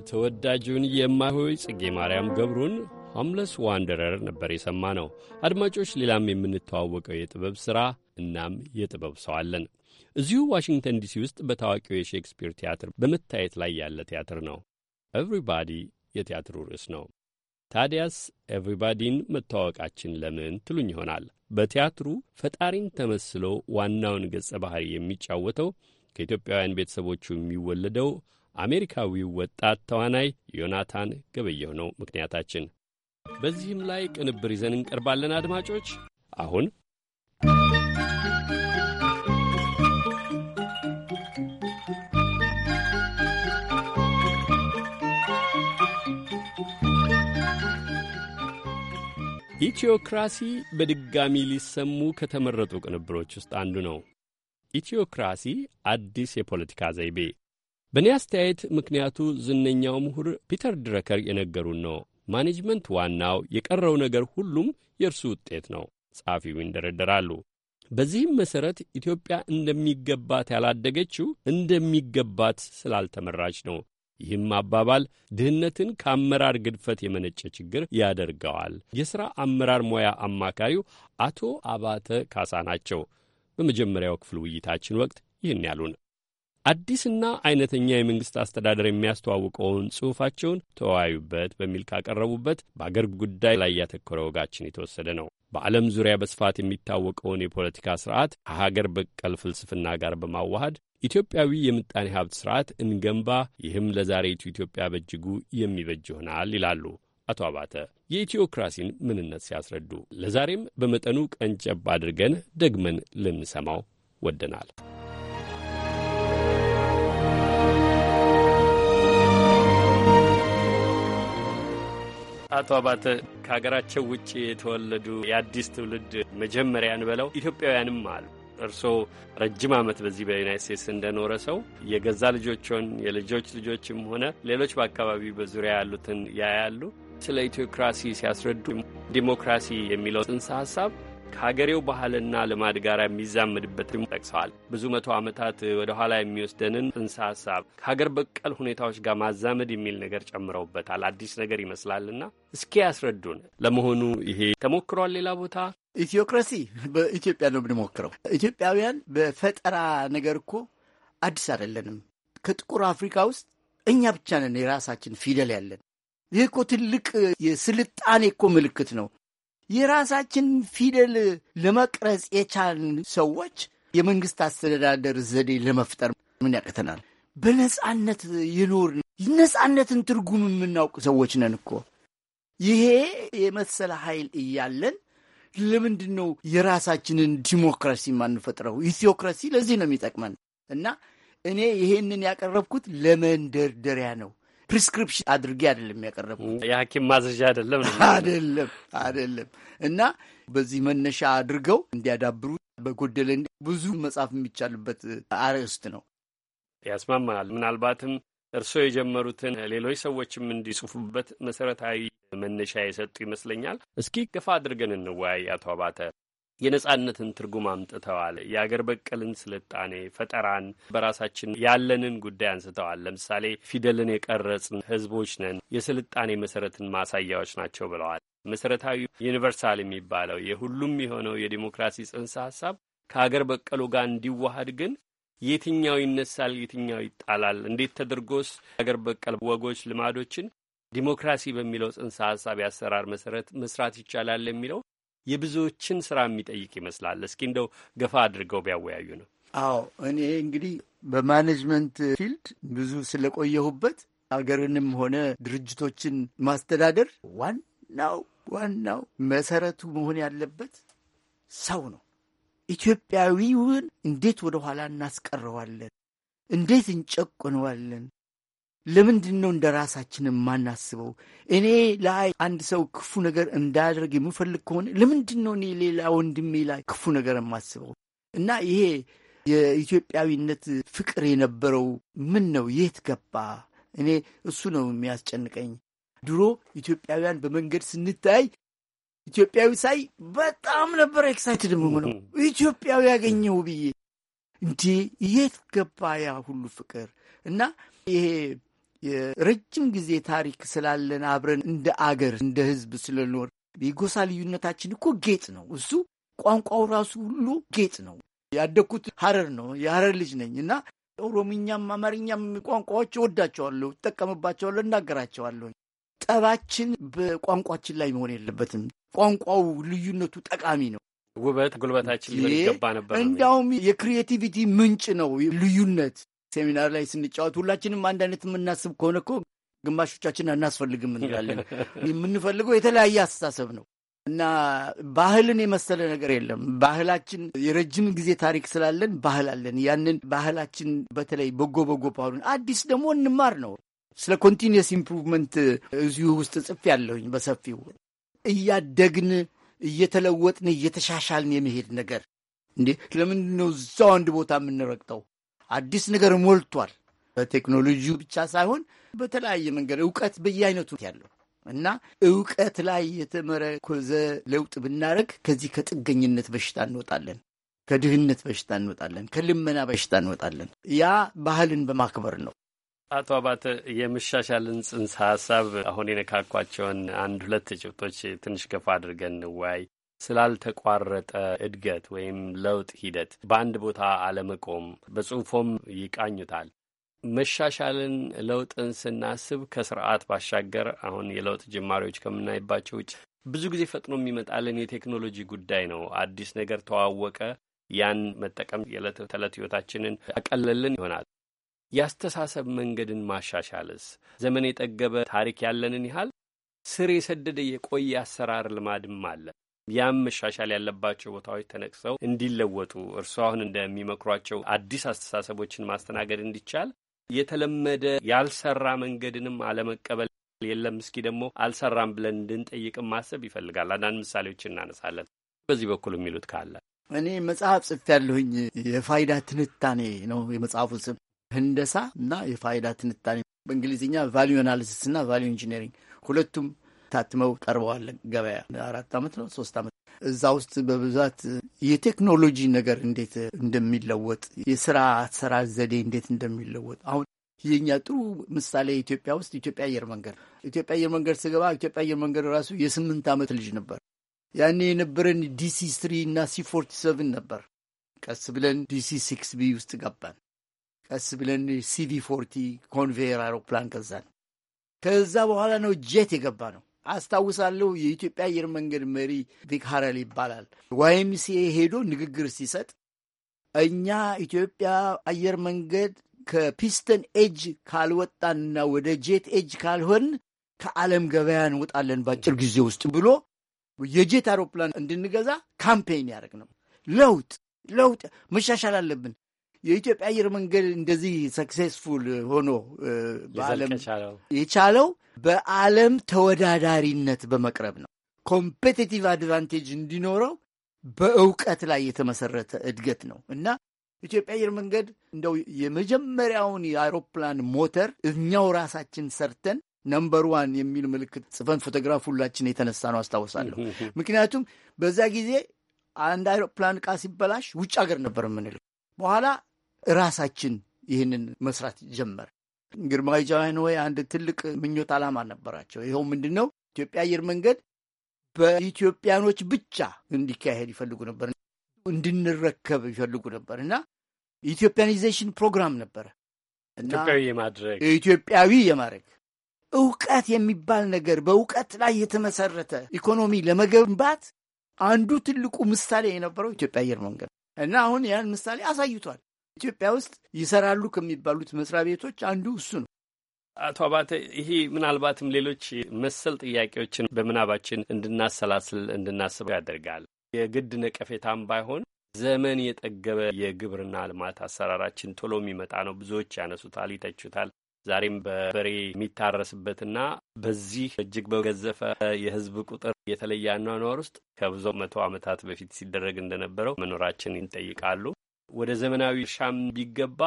ተወዳጁን የማሆይ ጽጌ ማርያም ገብሩን ሆምለስ ዋንደረር ነበር የሰማ ነው። አድማጮች፣ ሌላም የምንተዋወቀው የጥበብ ሥራ እናም የጥበብ ሰው አለን። እዚሁ ዋሽንግተን ዲሲ ውስጥ በታዋቂው የሼክስፒር ቲያትር በመታየት ላይ ያለ ቲያትር ነው። ኤቭሪባዲ የቲያትሩ ርዕስ ነው። ታዲያስ ኤቭሪባዲን መተዋወቃችን ለምን ትሉኝ ይሆናል። በቲያትሩ ፈጣሪን ተመስሎ ዋናውን ገጸ ባህሪ የሚጫወተው ከኢትዮጵያውያን ቤተሰቦቹ የሚወለደው አሜሪካዊው ወጣት ተዋናይ ዮናታን ገበየሁ ነው ምክንያታችን። በዚህም ላይ ቅንብር ይዘን እንቀርባለን። አድማጮች አሁን ኢትዮክራሲ በድጋሚ ሊሰሙ ከተመረጡ ቅንብሮች ውስጥ አንዱ ነው። ኢትዮክራሲ አዲስ የፖለቲካ ዘይቤ በእኔ አስተያየት ምክንያቱ ዝነኛው ምሁር ፒተር ድረከር የነገሩን ነው። ማኔጅመንት ዋናው፣ የቀረው ነገር ሁሉም የእርሱ ውጤት ነው፣ ጸሐፊው ይንደረደራሉ። በዚህም መሠረት ኢትዮጵያ እንደሚገባት ያላደገችው እንደሚገባት ስላልተመራች ነው። ይህም አባባል ድህነትን ከአመራር ግድፈት የመነጨ ችግር ያደርገዋል። የሥራ አመራር ሙያ አማካሪው አቶ አባተ ካሳ ናቸው። በመጀመሪያው ክፍል ውይይታችን ወቅት ይህን ያሉን አዲስና አይነተኛ የመንግሥት አስተዳደር የሚያስተዋውቀውን ጽሑፋቸውን ተወያዩበት በሚል ካቀረቡበት በአገር ጉዳይ ላይ ያተኮረ ወጋችን የተወሰደ ነው። በዓለም ዙሪያ በስፋት የሚታወቀውን የፖለቲካ ስርዓት ከሀገር በቀል ፍልስፍና ጋር በማዋሃድ ኢትዮጵያዊ የምጣኔ ሀብት ስርዓት እንገንባ፣ ይህም ለዛሬቱ ኢትዮጵያ በእጅጉ የሚበጅ ይሆናል ይላሉ አቶ አባተ የኢትዮክራሲን ምንነት ሲያስረዱ። ለዛሬም በመጠኑ ቀንጨብ አድርገን ደግመን ልንሰማው ወደናል። አቶ አባተ ከሀገራቸው ውጭ የተወለዱ የአዲስ ትውልድ መጀመሪያን ብለው ኢትዮጵያውያንም አሉ። እርስዎ ረጅም ዓመት በዚህ በዩናይት ስቴትስ እንደኖረ ሰው የገዛ ልጆችን የልጆች ልጆችም ሆነ ሌሎች በአካባቢ በዙሪያ ያሉትን ያያሉ። ስለ ኢትዮክራሲ ሲያስረዱ ዲሞክራሲ የሚለው ጽንሰ ሀሳብ ከሀገሬው ባህልና ልማድ ጋር የሚዛመድበትም ጠቅሰዋል። ብዙ መቶ ዓመታት ወደ ኋላ የሚወስደንን ጽንሰ ሀሳብ ከሀገር በቀል ሁኔታዎች ጋር ማዛመድ የሚል ነገር ጨምረውበታል። አዲስ ነገር ይመስላልና እስኪ ያስረዱን። ለመሆኑ ይሄ ተሞክሯል ሌላ ቦታ? ኢትዮክራሲ በኢትዮጵያ ነው የምንሞክረው።
ኢትዮጵያውያን በፈጠራ ነገር እኮ አዲስ አይደለንም። ከጥቁር አፍሪካ ውስጥ እኛ ብቻ ነን የራሳችን ፊደል ያለን። ይህ እኮ ትልቅ የስልጣኔ እኮ ምልክት ነው። የራሳችን ፊደል ለመቅረጽ የቻልን ሰዎች የመንግስት አስተዳደር ዘዴ ለመፍጠር ምን ያቅተናል? በነጻነት የኖርን ነጻነትን ትርጉም የምናውቅ ሰዎች ነን እኮ። ይሄ የመሰለ ኃይል እያለን ለምንድን ነው የራሳችንን ዲሞክራሲ የማንፈጥረው? ኢትዮክራሲ ለዚህ ነው የሚጠቅመን እና እኔ ይሄንን ያቀረብኩት ለመንደርደሪያ ነው። ፕሪስክሪፕሽን አድርጌ አይደለም ያቀረብኩት።
የሐኪም ማዘዣ አይደለም
አይደለም አይደለም። እና በዚህ መነሻ አድርገው እንዲያዳብሩ በጎደለ ብዙ መጽሐፍ የሚቻልበት አርዕስት ነው።
ያስማማናል። ምናልባትም እርስዎ የጀመሩትን ሌሎች ሰዎችም እንዲጽፉበት መሰረታዊ መነሻ የሰጡ ይመስለኛል። እስኪ ገፋ አድርገን እንወያይ አቶ አባተ። የነጻነትን ትርጉም አምጥተዋል። የአገር በቀልን ስልጣኔ፣ ፈጠራን፣ በራሳችን ያለንን ጉዳይ አንስተዋል። ለምሳሌ ፊደልን የቀረጽን ህዝቦች ነን፣ የስልጣኔ መሰረትን ማሳያዎች ናቸው ብለዋል። መሰረታዊ ዩኒቨርሳል የሚባለው የሁሉም የሆነው የዲሞክራሲ ጽንሰ ሀሳብ ከአገር በቀሉ ጋር እንዲዋሃድ ግን የትኛው ይነሳል፣ የትኛው ይጣላል፣ እንዴት ተደርጎስ አገር በቀል ወጎች፣ ልማዶችን ዲሞክራሲ በሚለው ጽንሰ ሀሳብ የአሰራር መሰረት መስራት ይቻላል የሚለው የብዙዎችን ስራ የሚጠይቅ ይመስላል። እስኪ እንደው ገፋ አድርገው ቢያወያዩ ነው።
አዎ እኔ እንግዲህ በማኔጅመንት ፊልድ ብዙ ስለቆየሁበት አገርንም ሆነ ድርጅቶችን ማስተዳደር ዋናው ዋናው መሰረቱ መሆን ያለበት ሰው ነው። ኢትዮጵያዊውን እንዴት ወደ ኋላ እናስቀረዋለን? እንዴት እንጨቆነዋለን? ለምንድን ነው እንደ ራሳችን የማናስበው? እኔ ላይ አንድ ሰው ክፉ ነገር እንዳያደርግ የምፈልግ ከሆነ ለምንድን ነው እኔ ሌላ ወንድሜ ላይ ክፉ ነገር የማስበው? እና ይሄ የኢትዮጵያዊነት ፍቅር የነበረው ምን ነው የት ገባ? እኔ እሱ ነው የሚያስጨንቀኝ። ድሮ ኢትዮጵያውያን በመንገድ ስንታይ ኢትዮጵያዊ ሳይ በጣም ነበር ኤክሳይትድ የምሆነው ኢትዮጵያዊ ያገኘው ብዬ እንዴ የት ገባ ያ ሁሉ ፍቅር እና ይሄ የረጅም ጊዜ ታሪክ ስላለን አብረን እንደ አገር እንደ ህዝብ ስለኖር የጎሳ ልዩነታችን እኮ ጌጥ ነው። እሱ ቋንቋው ራሱ ሁሉ ጌጥ ነው። ያደግኩት ሀረር ነው። የሀረር ልጅ ነኝ እና ኦሮምኛም አማርኛም ቋንቋዎች እወዳቸዋለሁ፣ እጠቀምባቸዋለሁ፣ እናገራቸዋለሁ። ጠባችን በቋንቋችን ላይ መሆን የለበትም። ቋንቋው ልዩነቱ ጠቃሚ ነው።
ውበት ጉልበታችን ይገባ ነበር። እንዲያውም
የክሪኤቲቪቲ ምንጭ ነው ልዩነት ሴሚናር ላይ ስንጫወት ሁላችንም አንድ አይነት የምናስብ ከሆነ እኮ ግማሾቻችን አናስፈልግም እንላለን። [laughs] የምንፈልገው የተለያየ አስተሳሰብ ነው እና ባህልን የመሰለ ነገር የለም። ባህላችን የረጅም ጊዜ ታሪክ ስላለን ባህል አለን። ያንን ባህላችን በተለይ በጎ በጎ ባህሉን አዲስ ደግሞ እንማር ነው። ስለ ኮንቲኒየስ ኢምፕሩቭመንት እዚሁ ውስጥ ጽፍ ያለሁኝ በሰፊው እያደግን እየተለወጥን እየተሻሻልን የመሄድ ነገር እንዴ፣ ለምንድን ነው እዛው አንድ ቦታ የምንረግጠው? አዲስ ነገር ሞልቷል። በቴክኖሎጂ ብቻ ሳይሆን በተለያየ መንገድ እውቀት በየአይነቱ ያለው እና እውቀት ላይ የተመረኮዘ ለውጥ ብናደረግ ከዚህ ከጥገኝነት በሽታ እንወጣለን፣ ከድህነት በሽታ እንወጣለን፣ ከልመና በሽታ እንወጣለን። ያ ባህልን በማክበር ነው።
አቶ አባተ የመሻሻልን ጽንሰ ሀሳብ አሁን የነካኳቸውን አንድ ሁለት ጭብጦች ትንሽ ገፋ አድርገን እንወያይ። ስላልተቋረጠ እድገት ወይም ለውጥ ሂደት በአንድ ቦታ አለመቆም በጽሁፎም ይቃኙታል። መሻሻልን፣ ለውጥን ስናስብ ከስርዓት ባሻገር አሁን የለውጥ ጅማሬዎች ከምናይባቸው ውጭ ብዙ ጊዜ ፈጥኖ የሚመጣልን የቴክኖሎጂ ጉዳይ ነው። አዲስ ነገር ተዋወቀ፣ ያን መጠቀም የዕለት ተዕለት ህይወታችንን ያቀለልን ይሆናል። የአስተሳሰብ መንገድን ማሻሻልስ ዘመን የጠገበ ታሪክ ያለንን ያህል ስር የሰደደ የቆየ አሰራር ልማድም አለ። ያም መሻሻል ያለባቸው ቦታዎች ተነቅሰው እንዲለወጡ እርስዎ አሁን እንደሚመክሯቸው አዲስ አስተሳሰቦችን ማስተናገድ እንዲቻል የተለመደ ያልሰራ መንገድንም አለመቀበል የለም እስኪ ደግሞ አልሰራም ብለን እንድንጠይቅም ማሰብ ይፈልጋል። አንዳንድ ምሳሌዎች እናነሳለን። በዚህ በኩል የሚሉት ካለ
እኔ መጽሐፍ ጽፌያለሁኝ። የፋይዳ ትንታኔ ነው የመጽሐፉ ስም፣ ህንደሳ እና የፋይዳ ትንታኔ በእንግሊዝኛ ቫሊዩ አናሊሲስ እና ቫሊዩ ኢንጂነሪንግ ሁለቱም ታትመው ቀርበዋል ገበያ። አራት ዓመት ነው ሶስት ዓመት እዛ ውስጥ በብዛት የቴክኖሎጂ ነገር እንዴት እንደሚለወጥ የስራ አሰራር ዘዴ እንዴት እንደሚለወጥ አሁን የኛ ጥሩ ምሳሌ ኢትዮጵያ ውስጥ ኢትዮጵያ አየር መንገድ ኢትዮጵያ አየር መንገድ ስገባ ኢትዮጵያ አየር መንገድ ራሱ የስምንት ዓመት ልጅ ነበር። ያኔ የነበረን ዲሲ ስሪ እና ሲ ፎርቲ ሰቨን ነበር። ቀስ ብለን ዲሲ ሲክስ ቢ ውስጥ ገባን። ቀስ ብለን ሲቪ ፎርቲ ኮንቬየር አውሮፕላን ገዛን። ከዛ በኋላ ነው ጄት የገባ ነው። አስታውሳለሁ። የኢትዮጵያ አየር መንገድ መሪ ቪካረል ሀረል ይባላል። ዋይምሲኤ ሄዶ ንግግር ሲሰጥ እኛ ኢትዮጵያ አየር መንገድ ከፒስተን ኤጅ ካልወጣንና ወደ ጄት ኤጅ ካልሆን ከዓለም ገበያ እንወጣለን በአጭር ጊዜ ውስጥ ብሎ የጄት አውሮፕላን እንድንገዛ ካምፔን ያደረግ ነው። ለውጥ ለውጥ መሻሻል አለብን። የኢትዮጵያ አየር መንገድ እንደዚህ ሰክሴስፉል ሆኖ በዓለም የቻለው በዓለም ተወዳዳሪነት በመቅረብ ነው። ኮምፔቲቲቭ አድቫንቴጅ እንዲኖረው በእውቀት ላይ የተመሰረተ እድገት ነው እና ኢትዮጵያ አየር መንገድ እንደው የመጀመሪያውን የአውሮፕላን ሞተር እኛው ራሳችን ሰርተን ነምበር ዋን የሚል ምልክት ጽፈን ፎቶግራፍ ሁላችን የተነሳ ነው አስታውሳለሁ። ምክንያቱም በዛ ጊዜ አንድ አውሮፕላን ቃ ሲበላሽ ውጭ ሀገር ነበር የምንልክ። በኋላ ራሳችን ይህንን መስራት ጀመር። ግርማዊጃውያን ወይ አንድ ትልቅ ምኞት ዓላማ ነበራቸው። ይኸው ምንድን ነው? ኢትዮጵያ አየር መንገድ በኢትዮጵያኖች ብቻ እንዲካሄድ ይፈልጉ ነበር፣ እንድንረከብ ይፈልጉ ነበር እና ኢትዮጵያኒዜሽን ፕሮግራም ነበረ። ኢትዮጵያዊ የማድረግ ኢትዮጵያዊ የማድረግ እውቀት የሚባል ነገር በእውቀት ላይ የተመሰረተ ኢኮኖሚ ለመገንባት አንዱ ትልቁ ምሳሌ የነበረው ኢትዮጵያ አየር መንገድ እና አሁን ያን ምሳሌ አሳይቷል። ኢትዮጵያ ውስጥ ይሰራሉ ከሚባሉት መስሪያ ቤቶች አንዱ እሱ ነው።
አቶ አባተ ይሄ ምናልባትም ሌሎች መሰል ጥያቄዎችን በምናባችን እንድናሰላስል እንድናስበው ያደርጋል። የግድ ነቀፌታም ባይሆን ዘመን የጠገበ የግብርና ልማት አሰራራችን ቶሎ የሚመጣ ነው። ብዙዎች ያነሱታል፣ ይተቹታል። ዛሬም በበሬ የሚታረስበትና በዚህ እጅግ በገዘፈ የህዝብ ቁጥር የተለየ አኗኗር ውስጥ ከብዙ መቶ ዓመታት በፊት ሲደረግ እንደነበረው መኖራችን ይጠይቃሉ። ወደ ዘመናዊ እርሻም ቢገባ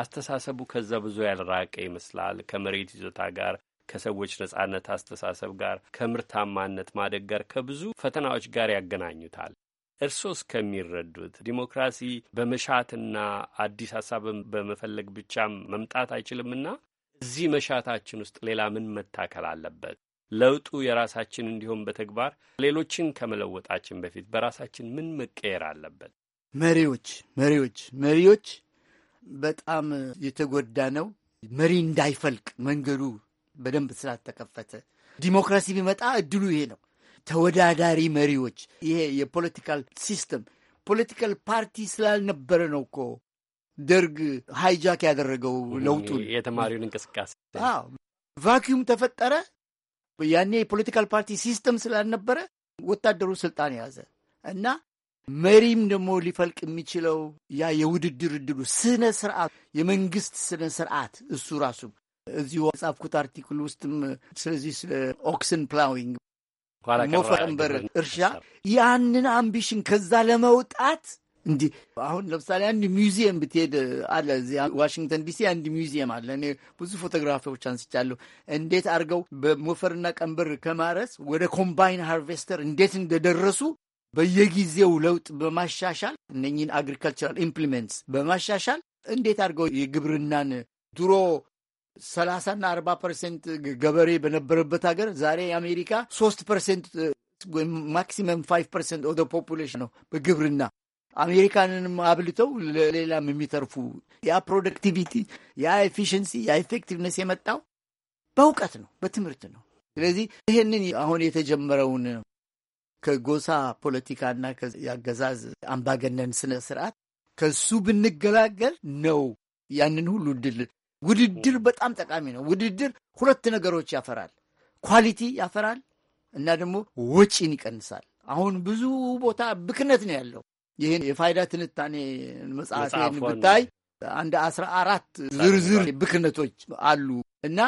አስተሳሰቡ ከዛ ብዙ ያልራቀ ይመስላል። ከመሬት ይዞታ ጋር፣ ከሰዎች ነጻነት አስተሳሰብ ጋር፣ ከምርታማነት ማደግ ጋር፣ ከብዙ ፈተናዎች ጋር ያገናኙታል። እርስዎ እስከሚረዱት ዲሞክራሲ በመሻትና አዲስ ሀሳብ በመፈለግ ብቻም መምጣት አይችልምና እዚህ መሻታችን ውስጥ ሌላ ምን መታከል አለበት? ለውጡ የራሳችን እንዲሆን በተግባር ሌሎችን ከመለወጣችን በፊት በራሳችን ምን መቀየር አለበት?
መሪዎች መሪዎች መሪዎች በጣም የተጎዳ ነው። መሪ እንዳይፈልቅ መንገዱ በደንብ ስላልተከፈተ ዲሞክራሲ ቢመጣ እድሉ ይሄ ነው። ተወዳዳሪ መሪዎች ይሄ የፖለቲካል ሲስተም ፖለቲካል ፓርቲ ስላልነበረ ነው እኮ ደርግ ሃይጃክ ያደረገው ለውጡን የተማሪውን እንቅስቃሴ ቫኪዩም ተፈጠረ። ያኔ የፖለቲካል ፓርቲ ሲስተም ስላልነበረ ወታደሩ ስልጣን የያዘ እና መሪም ደግሞ ሊፈልቅ የሚችለው ያ የውድድር እድሉ ስነ ስርዓት፣ የመንግስት ስነ ስርዓት እሱ ራሱ እዚሁ ጻፍኩት አርቲክል ውስጥም ስለዚህ ስለ ኦክስን ፕላዊንግ ሞፈቀንበር እርሻ ያንን አምቢሽን ከዛ ለመውጣት እንዲህ አሁን ለምሳሌ አንድ ሚውዚየም ብትሄድ አለ እዚህ ዋሽንግተን ዲሲ አንድ ሚውዚየም አለ። እኔ ብዙ ፎቶግራፊዎች አንስቻለሁ። እንዴት አድርገው በሞፈርና ቀንበር ከማረስ ወደ ኮምባይን ሃርቬስተር እንዴት እንደደረሱ በየጊዜው ለውጥ በማሻሻል እነኝን አግሪካልቸራል ኢምፕሊመንትስ በማሻሻል እንዴት አድርገው የግብርናን ድሮ ሰላሳና አርባ ፐርሰንት ገበሬ በነበረበት ሀገር ዛሬ የአሜሪካ ሶስት ፐርሰንት ማክሲመም ፋይቭ ፐርሰንት ኦፍ ፖፑሌሽን ነው በግብርና አሜሪካንንም አብልተው ለሌላም የሚተርፉ ያ ፕሮደክቲቪቲ ያ ኤፊሽንሲ ያ ኤፌክቲቭነስ የመጣው በእውቀት ነው፣ በትምህርት ነው። ስለዚህ ይህንን አሁን የተጀመረውን ከጎሳ ፖለቲካና የአገዛዝ አምባገነን ስነ ስርዓት ከሱ ብንገላገል ነው ያንን ሁሉ ድል። ውድድር በጣም ጠቃሚ ነው። ውድድር ሁለት ነገሮች ያፈራል። ኳሊቲ ያፈራል እና ደግሞ ወጪን ይቀንሳል። አሁን ብዙ ቦታ ብክነት ነው ያለው። ይህን የፋይዳ ትንታኔ መጽሐፌን ብታይ አንድ አስራ አራት ዝርዝር ብክነቶች አሉ እና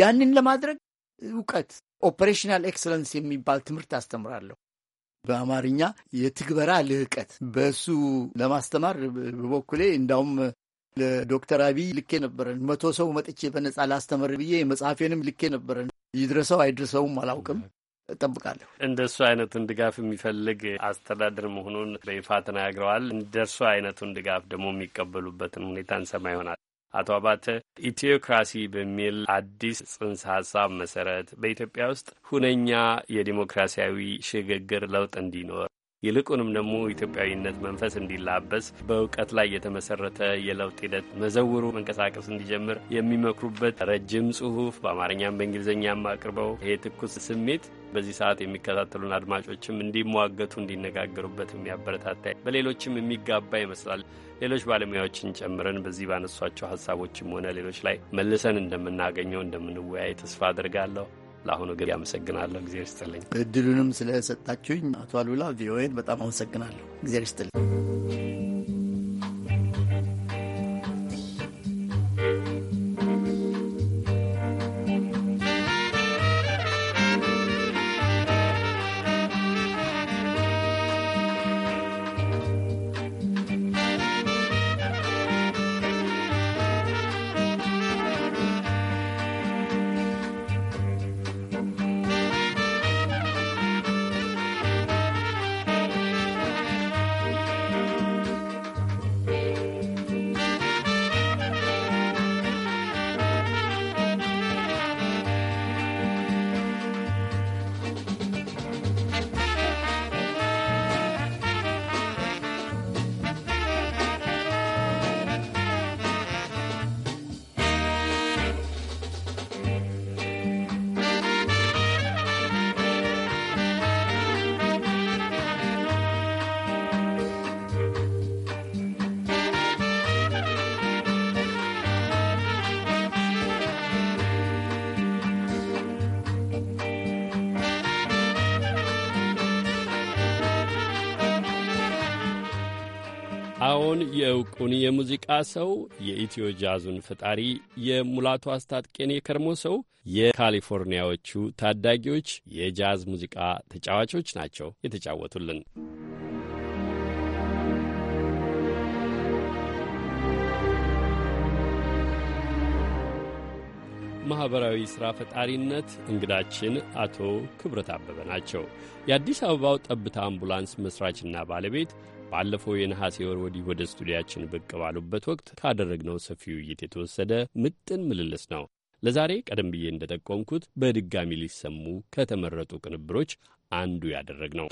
ያንን ለማድረግ እውቀት ኦፐሬሽናል ኤክሰለንስ የሚባል ትምህርት አስተምራለሁ። በአማርኛ የትግበራ ልህቀት በእሱ ለማስተማር በበኩሌ እንዳውም ለዶክተር አብይ ልኬ ነበረን። መቶ ሰው መጥቼ በነፃ ላስተምር ብዬ መጽሐፌንም ልኬ ነበረን። ይድረሰው አይድረሰውም አላውቅም። እጠብቃለሁ።
እንደ እሱ አይነቱን ድጋፍ የሚፈልግ አስተዳደር መሆኑን በይፋ ተናግረዋል። እንደ እርሱ አይነቱን ድጋፍ ደግሞ የሚቀበሉበትን ሁኔታ እንሰማ ይሆናል። አቶ አባተ ኢትዮክራሲ በሚል አዲስ ጽንሰ ሀሳብ መሰረት በኢትዮጵያ ውስጥ ሁነኛ የዲሞክራሲያዊ ሽግግር ለውጥ እንዲኖር ይልቁንም ደግሞ ኢትዮጵያዊነት መንፈስ እንዲላበስ በእውቀት ላይ የተመሰረተ የለውጥ ሂደት መዘውሩ መንቀሳቀስ እንዲጀምር የሚመክሩበት ረጅም ጽሁፍ በአማርኛም በእንግሊዝኛም አቅርበው ይሄ ትኩስ ስሜት በዚህ ሰዓት የሚከታተሉን አድማጮችም እንዲሟገቱ እንዲነጋገሩበት የሚያበረታታ በሌሎችም የሚጋባ ይመስላል። ሌሎች ባለሙያዎችን ጨምረን በዚህ ባነሷቸው ሀሳቦችም ሆነ ሌሎች ላይ መልሰን እንደምናገኘው እንደምንወያይ ተስፋ አድርጋለሁ። ለአሁኑ ግን ያመሰግናለሁ። እግዜር ይስጥልኝ።
እድሉንም ስለሰጣችሁኝ አቶ አሉላ ቪኦኤን በጣም አመሰግናለሁ። እግዜር ይስጥልኝ።
የሰማነውን የእውቁን የሙዚቃ ሰው የኢትዮ ጃዙን ፈጣሪ የሙላቱ አስታጥቄን የከርሞ ሰው የካሊፎርኒያዎቹ ታዳጊዎች የጃዝ ሙዚቃ ተጫዋቾች ናቸው የተጫወቱልን። ማኅበራዊ ሥራ ፈጣሪነት እንግዳችን አቶ ክብረት አበበ ናቸው። የአዲስ አበባው ጠብታ አምቡላንስ መሥራችና ባለቤት ባለፈው የነሐሴ ወር ወዲህ ወደ ስቱዲያችን ብቅ ባሉበት ወቅት ካደረግነው ሰፊ ውይይት የተወሰደ ምጥን ምልልስ ነው። ለዛሬ ቀደም ብዬ እንደጠቆምኩት በድጋሚ ሊሰሙ ከተመረጡ ቅንብሮች አንዱ ያደረግ ነው።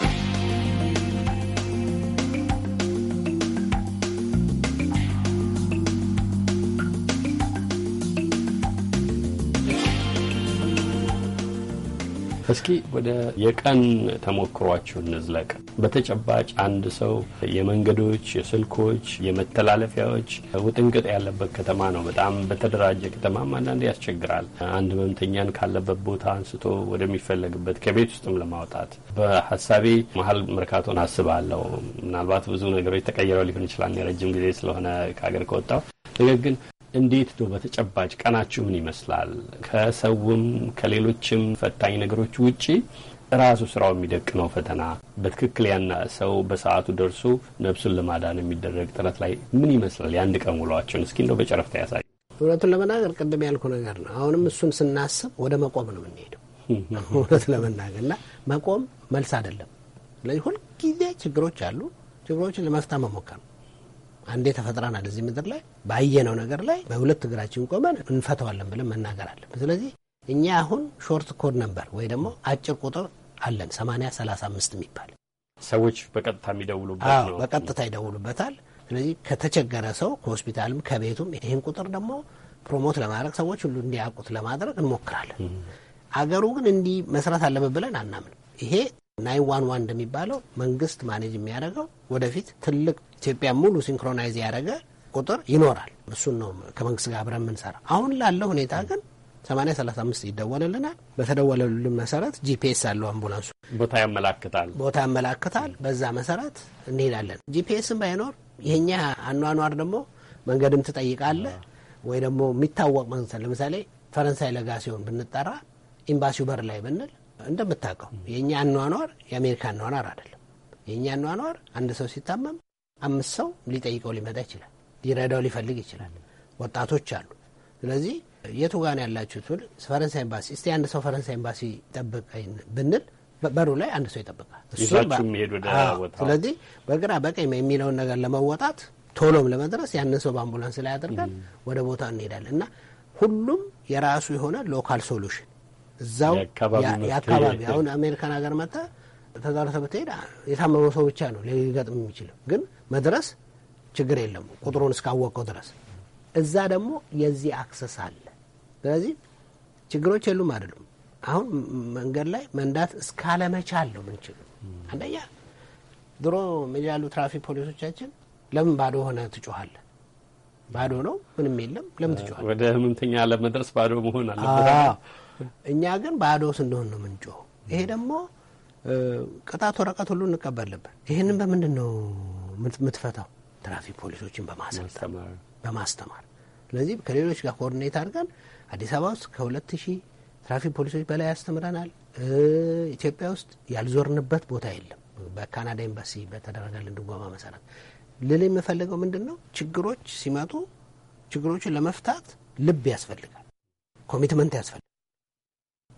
እስኪ ወደ የቀን ተሞክሯችሁ እንዝለቅ። በተጨባጭ አንድ ሰው የመንገዶች፣ የስልኮች፣ የመተላለፊያዎች ውጥንቅጥ ያለበት ከተማ ነው። በጣም በተደራጀ ከተማም አንዳንድ ያስቸግራል። አንድ ህመምተኛን ካለበት ቦታ አንስቶ ወደሚፈለግበት ከቤት ውስጥም ለማውጣት በሀሳቤ መሀል መርካቶን አስባለሁ። ምናልባት ብዙ ነገሮች ተቀይረው ሊሆን ይችላል የረጅም ጊዜ ስለሆነ ከሀገር ከወጣው ነገር ግን እንዴት ዶ በተጨባጭ ቀናችሁን ይመስላል? ከሰውም ከሌሎችም ፈታኝ ነገሮች ውጪ ራሱ ስራው የሚደቅነው ፈተና በትክክል ያና ሰው በሰዓቱ ደርሶ ነፍሱን ለማዳን የሚደረግ ጥረት ላይ ምን ይመስላል? የአንድ ቀን ውሏቸውን እስኪ እንደው በጨረፍታ ያሳዩ።
እውነቱን ለመናገር ቅድም ያልኩ ነገር ነው። አሁንም እሱን ስናስብ ወደ መቆም ነው የምንሄደው። እውነት ለመናገር ና መቆም መልስ አይደለም። ስለዚህ ሁልጊዜ ችግሮች አሉ። ችግሮችን ለመፍታ መሞከር ነው አንዴ ተፈጥረናል እዚህ ምድር ላይ ባየነው ነገር ላይ በሁለት እግራችን ቆመን እንፈተዋለን ብለን መናገር አለብን። ስለዚህ እኛ አሁን ሾርት ኮድ ነበር ወይ ደግሞ አጭር ቁጥር አለን 80 35
የሚባል ሰዎች በቀጥታ የሚደውሉበት
በቀጥታ ይደውሉበታል። ስለዚህ ከተቸገረ ሰው ከሆስፒታልም ከቤቱም ይህን ቁጥር ደግሞ ፕሮሞት ለማድረግ ሰዎች ሁሉ እንዲያውቁት ለማድረግ እንሞክራለን። አገሩ ግን እንዲህ መስራት አለበት ብለን አናምንም። ይሄ ናይን ዋን ዋን እንደሚባለው መንግስት ማኔጅ የሚያደርገው ወደፊት ትልቅ ኢትዮጵያ ሙሉ ሲንክሮናይዝ ያደረገ ቁጥር ይኖራል። እሱን ነው ከመንግስት ጋር አብረን የምንሰራ። አሁን ላለው ሁኔታ ግን 835 ይደወልልናል። በተደወለልን መሰረት ጂፒኤስ አለው አምቡላንሱ
ቦታ ያመላክታል
ቦታ ያመላክታል። በዛ መሰረት እንሄዳለን። ጂፒኤስም ባይኖር የእኛ አኗኗር ደግሞ መንገድም ትጠይቃለ ወይ ደግሞ የሚታወቅ መንገድ ለምሳሌ ፈረንሳይ ለጋ ሲሆን ብንጠራ ኤምባሲው በር ላይ ብንል እንደምታውቀው የእኛ አኗኗር የአሜሪካ አኗኗር አይደለም። የእኛ አኗኗር አንድ ሰው ሲታመም አምስት ሰው ሊጠይቀው ሊመጣ ይችላል። ሊረዳው ሊፈልግ ይችላል። ወጣቶች አሉ። ስለዚህ የቱ ጋን ያላችሁት ፈረንሳይ ኤምባሲ፣ እስቲ አንድ ሰው ፈረንሳይ ኤምባሲ ጠብቀኝ ብንል በሩ ላይ አንድ ሰው ይጠብቃል። ስለዚህ በግራ በቀኝ የሚለውን ነገር ለመወጣት ቶሎም ለመድረስ ያንን ሰው በአምቡላንስ ላይ ያደርጋል። ወደ ቦታ እንሄዳለን እና ሁሉም የራሱ የሆነ ሎካል ሶሉሽን እዛው የአካባቢ [laughs] አሁን አሜሪካን ሀገር መጥተህ ተዛረሰ ብትሄድ የታመመው ሰው ብቻ ነው ሊገጥም የሚችለው ግን መድረስ ችግር የለም ቁጥሩን እስካወቀው ድረስ እዛ ደግሞ የዚህ አክሰስ አለ። ስለዚህ ችግሮች የሉም አይደሉም። አሁን መንገድ ላይ መንዳት እስካለመቻል ነው ምንችሉ። አንደኛ ድሮ ያሉ ትራፊክ ፖሊሶቻችን ለምን ባዶ ሆነ ትጮኋለ? ባዶ ነው ምንም የለም ለምን ትጮኋለህ?
ወደ ህመምተኛ ለመድረስ ባዶ መሆን አለበት።
እኛ ግን ባዶ ስንሆን ነው ምንጮ። ይሄ ደግሞ ቅጣት ወረቀት ሁሉ እንቀበልበት። ይህንን በምንድን ነው የምትፈታው ትራፊክ ፖሊሶችን በማሰልጠን በማስተማር። ስለዚህ ከሌሎች ጋር ኮኦርዲኔት አድርገን አዲስ አበባ ውስጥ ከሁለት ሺህ ትራፊክ ፖሊሶች በላይ ያስተምረናል። ኢትዮጵያ ውስጥ ያልዞርንበት ቦታ የለም። በካናዳ ኤምባሲ በተደረገልን ድጎማ መሰረት ልል የምፈልገው ምንድን ነው፣ ችግሮች ሲመጡ ችግሮቹን ለመፍታት ልብ ያስፈልጋል፣ ኮሚትመንት ያስፈልጋል።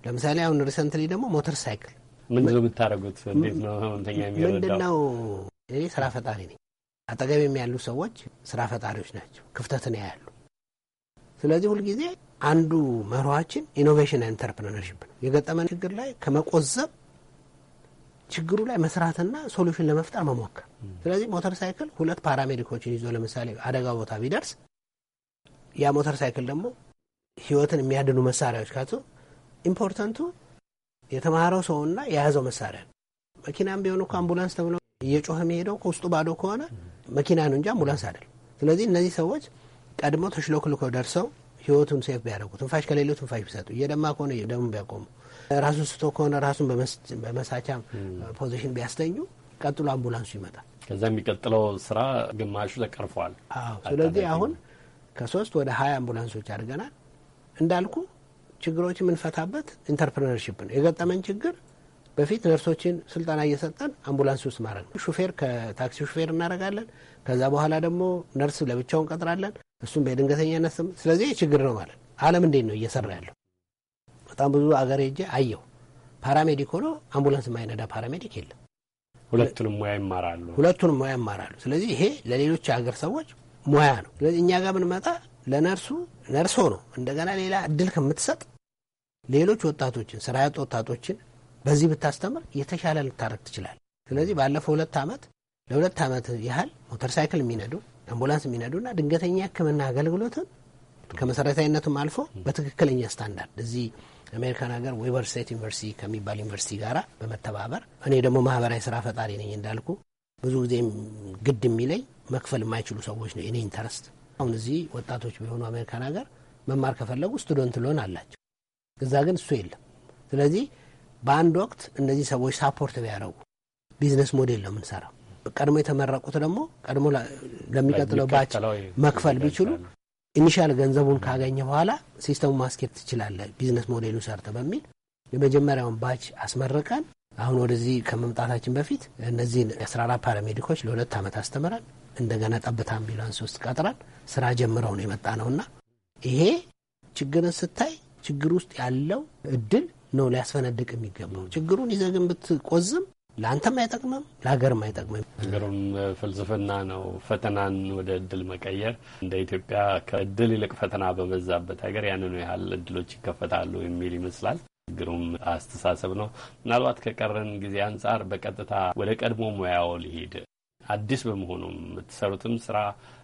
ለምሳሌ አሁን ሪሰንትሊ ደግሞ ሞተር ሳይክል
ምንድነው የምታደርጉት? እንዴት ነው ህመምተኛ የሚረዳው? ምንድነው
እኔ ስራ ፈጣሪ ነኝ። አጠገቤም ያሉ ሰዎች ስራ ፈጣሪዎች ናቸው፣ ክፍተትን ያያሉ። ስለዚህ ሁልጊዜ አንዱ መርኋችን ኢኖቬሽን ኤንተርፕረነርሽፕ ነው። የገጠመን ችግር ላይ ከመቆዘብ ችግሩ ላይ መስራትና ሶሉሽን ለመፍጠር መሞከር። ስለዚህ ሞተር ሳይክል ሁለት ፓራሜዲኮችን ይዞ ለምሳሌ አደጋ ቦታ ቢደርስ ያ ሞተር ሳይክል ደግሞ ህይወትን የሚያድኑ መሳሪያዎች ካቶ ኢምፖርታንቱ የተማረው ሰውና የያዘው መሳሪያ ነው። መኪናም ቢሆን እኮ አምቡላንስ ተብሎ እየጮኸ የሚሄደው ከውስጡ ባዶ ከሆነ መኪና ነው እንጂ አምቡላንስ አይደለም። ስለዚህ እነዚህ ሰዎች ቀድሞ ተሽሎክልከው ደርሰው ህይወቱን ሴፍ ቢያደርጉ፣ ትንፋሽ ከሌለ ትንፋሽ ቢሰጡ፣ እየደማ ከሆነ ደሙ ቢያቆሙ፣ ራሱ ስቶ ከሆነ ራሱን በመሳቻ ፖዚሽን ቢያስተኙ፣ ቀጥሎ አምቡላንሱ ይመጣል።
ከዛ የሚቀጥለው ስራ ግማሹ ተቀርፏል።
ስለዚህ አሁን ከሶስት ወደ ሀያ አምቡላንሶች አድርገናል። እንዳልኩ ችግሮች የምንፈታበት ኢንተርፕረነርሺፕ ነው። የገጠመን ችግር በፊት ነርሶችን ስልጠና እየሰጠን አምቡላንስ ውስጥ ማድረግ ነው። ሹፌር ከታክሲ ሹፌር እናደርጋለን። ከዛ በኋላ ደግሞ ነርስ ለብቻው እንቀጥራለን። እሱም በድንገተኛነት ስም። ስለዚህ ችግር ነው ማለት ዓለም እንዴት ነው እየሰራ ያለው? በጣም ብዙ አገር ሄጄ አየሁ። ፓራሜዲክ ሆኖ አምቡላንስ የማይነዳ ፓራሜዲክ የለም።
ሁለቱንም ሙያ ይማራሉ።
ሁለቱንም ሙያ ይማራሉ። ስለዚህ ይሄ ለሌሎች የሀገር ሰዎች ሙያ ነው። ስለዚህ እኛ ጋር ብንመጣ ለነርሱ ነርሶ ነው እንደገና ሌላ እድል ከምትሰጥ ሌሎች ወጣቶችን ስራ ወጣቶችን በዚህ ብታስተምር የተሻለ ልታረግ ትችላል። ስለዚህ ባለፈው ሁለት ዓመት ለሁለት ዓመት ያህል ሞተር ሳይክል የሚነዱ አምቡላንስ የሚነዱና ድንገተኛ ሕክምና አገልግሎትን ከመሰረታዊነቱም አልፎ በትክክለኛ ስታንዳርድ እዚህ አሜሪካን ሀገር ዌቨር ስቴት ዩኒቨርሲቲ ከሚባል ዩኒቨርሲቲ ጋር በመተባበር እኔ ደግሞ ማህበራዊ ስራ ፈጣሪ ነኝ እንዳልኩ ብዙ ጊዜም ግድ የሚለኝ መክፈል የማይችሉ ሰዎች ነው የኔ ኢንተረስት። አሁን እዚህ ወጣቶች ቢሆኑ አሜሪካን ሀገር መማር ከፈለጉ ስቱደንት ሎን አላቸው። እዛ ግን እሱ የለም። ስለዚህ በአንድ ወቅት እነዚህ ሰዎች ሳፖርት ቢያደረጉ ቢዝነስ ሞዴል ነው የምንሰራው። ቀድሞ የተመረቁት ደግሞ ቀድሞ ለሚቀጥለው ባች መክፈል ቢችሉ ኢኒሻል ገንዘቡን ካገኘ በኋላ ሲስተሙ ማስኬት ትችላለ፣ ቢዝነስ ሞዴሉ ሰርተ በሚል የመጀመሪያውን ባች አስመርቀን አሁን ወደዚህ ከመምጣታችን በፊት እነዚህን የ14 ፓራሜዲኮች ለሁለት ዓመት አስተምረን እንደገና ጠብታ አምቡላንስ ውስጥ ቀጥረን ስራ ጀምረው ነው የመጣ ነውና ይሄ ችግርን ስታይ ችግር ውስጥ ያለው እድል ነው ሊያስፈነድቅ የሚገባው። ችግሩን ይዘህ ግን ብትቆዝም ለአንተም አይጠቅምም፣ ለሀገርም አይጠቅምም።
ግሩም ፍልስፍና ነው። ፈተናን ወደ እድል መቀየር እንደ ኢትዮጵያ ከእድል ይልቅ ፈተና በበዛበት ሀገር ያንኑ ያህል እድሎች ይከፈታሉ የሚል ይመስላል። ግሩም አስተሳሰብ ነው። ምናልባት ከቀረን ጊዜ አንጻር በቀጥታ ወደ ቀድሞ ሙያው ሊሄድ አዲስ በመሆኑ የምትሰሩትም ስራ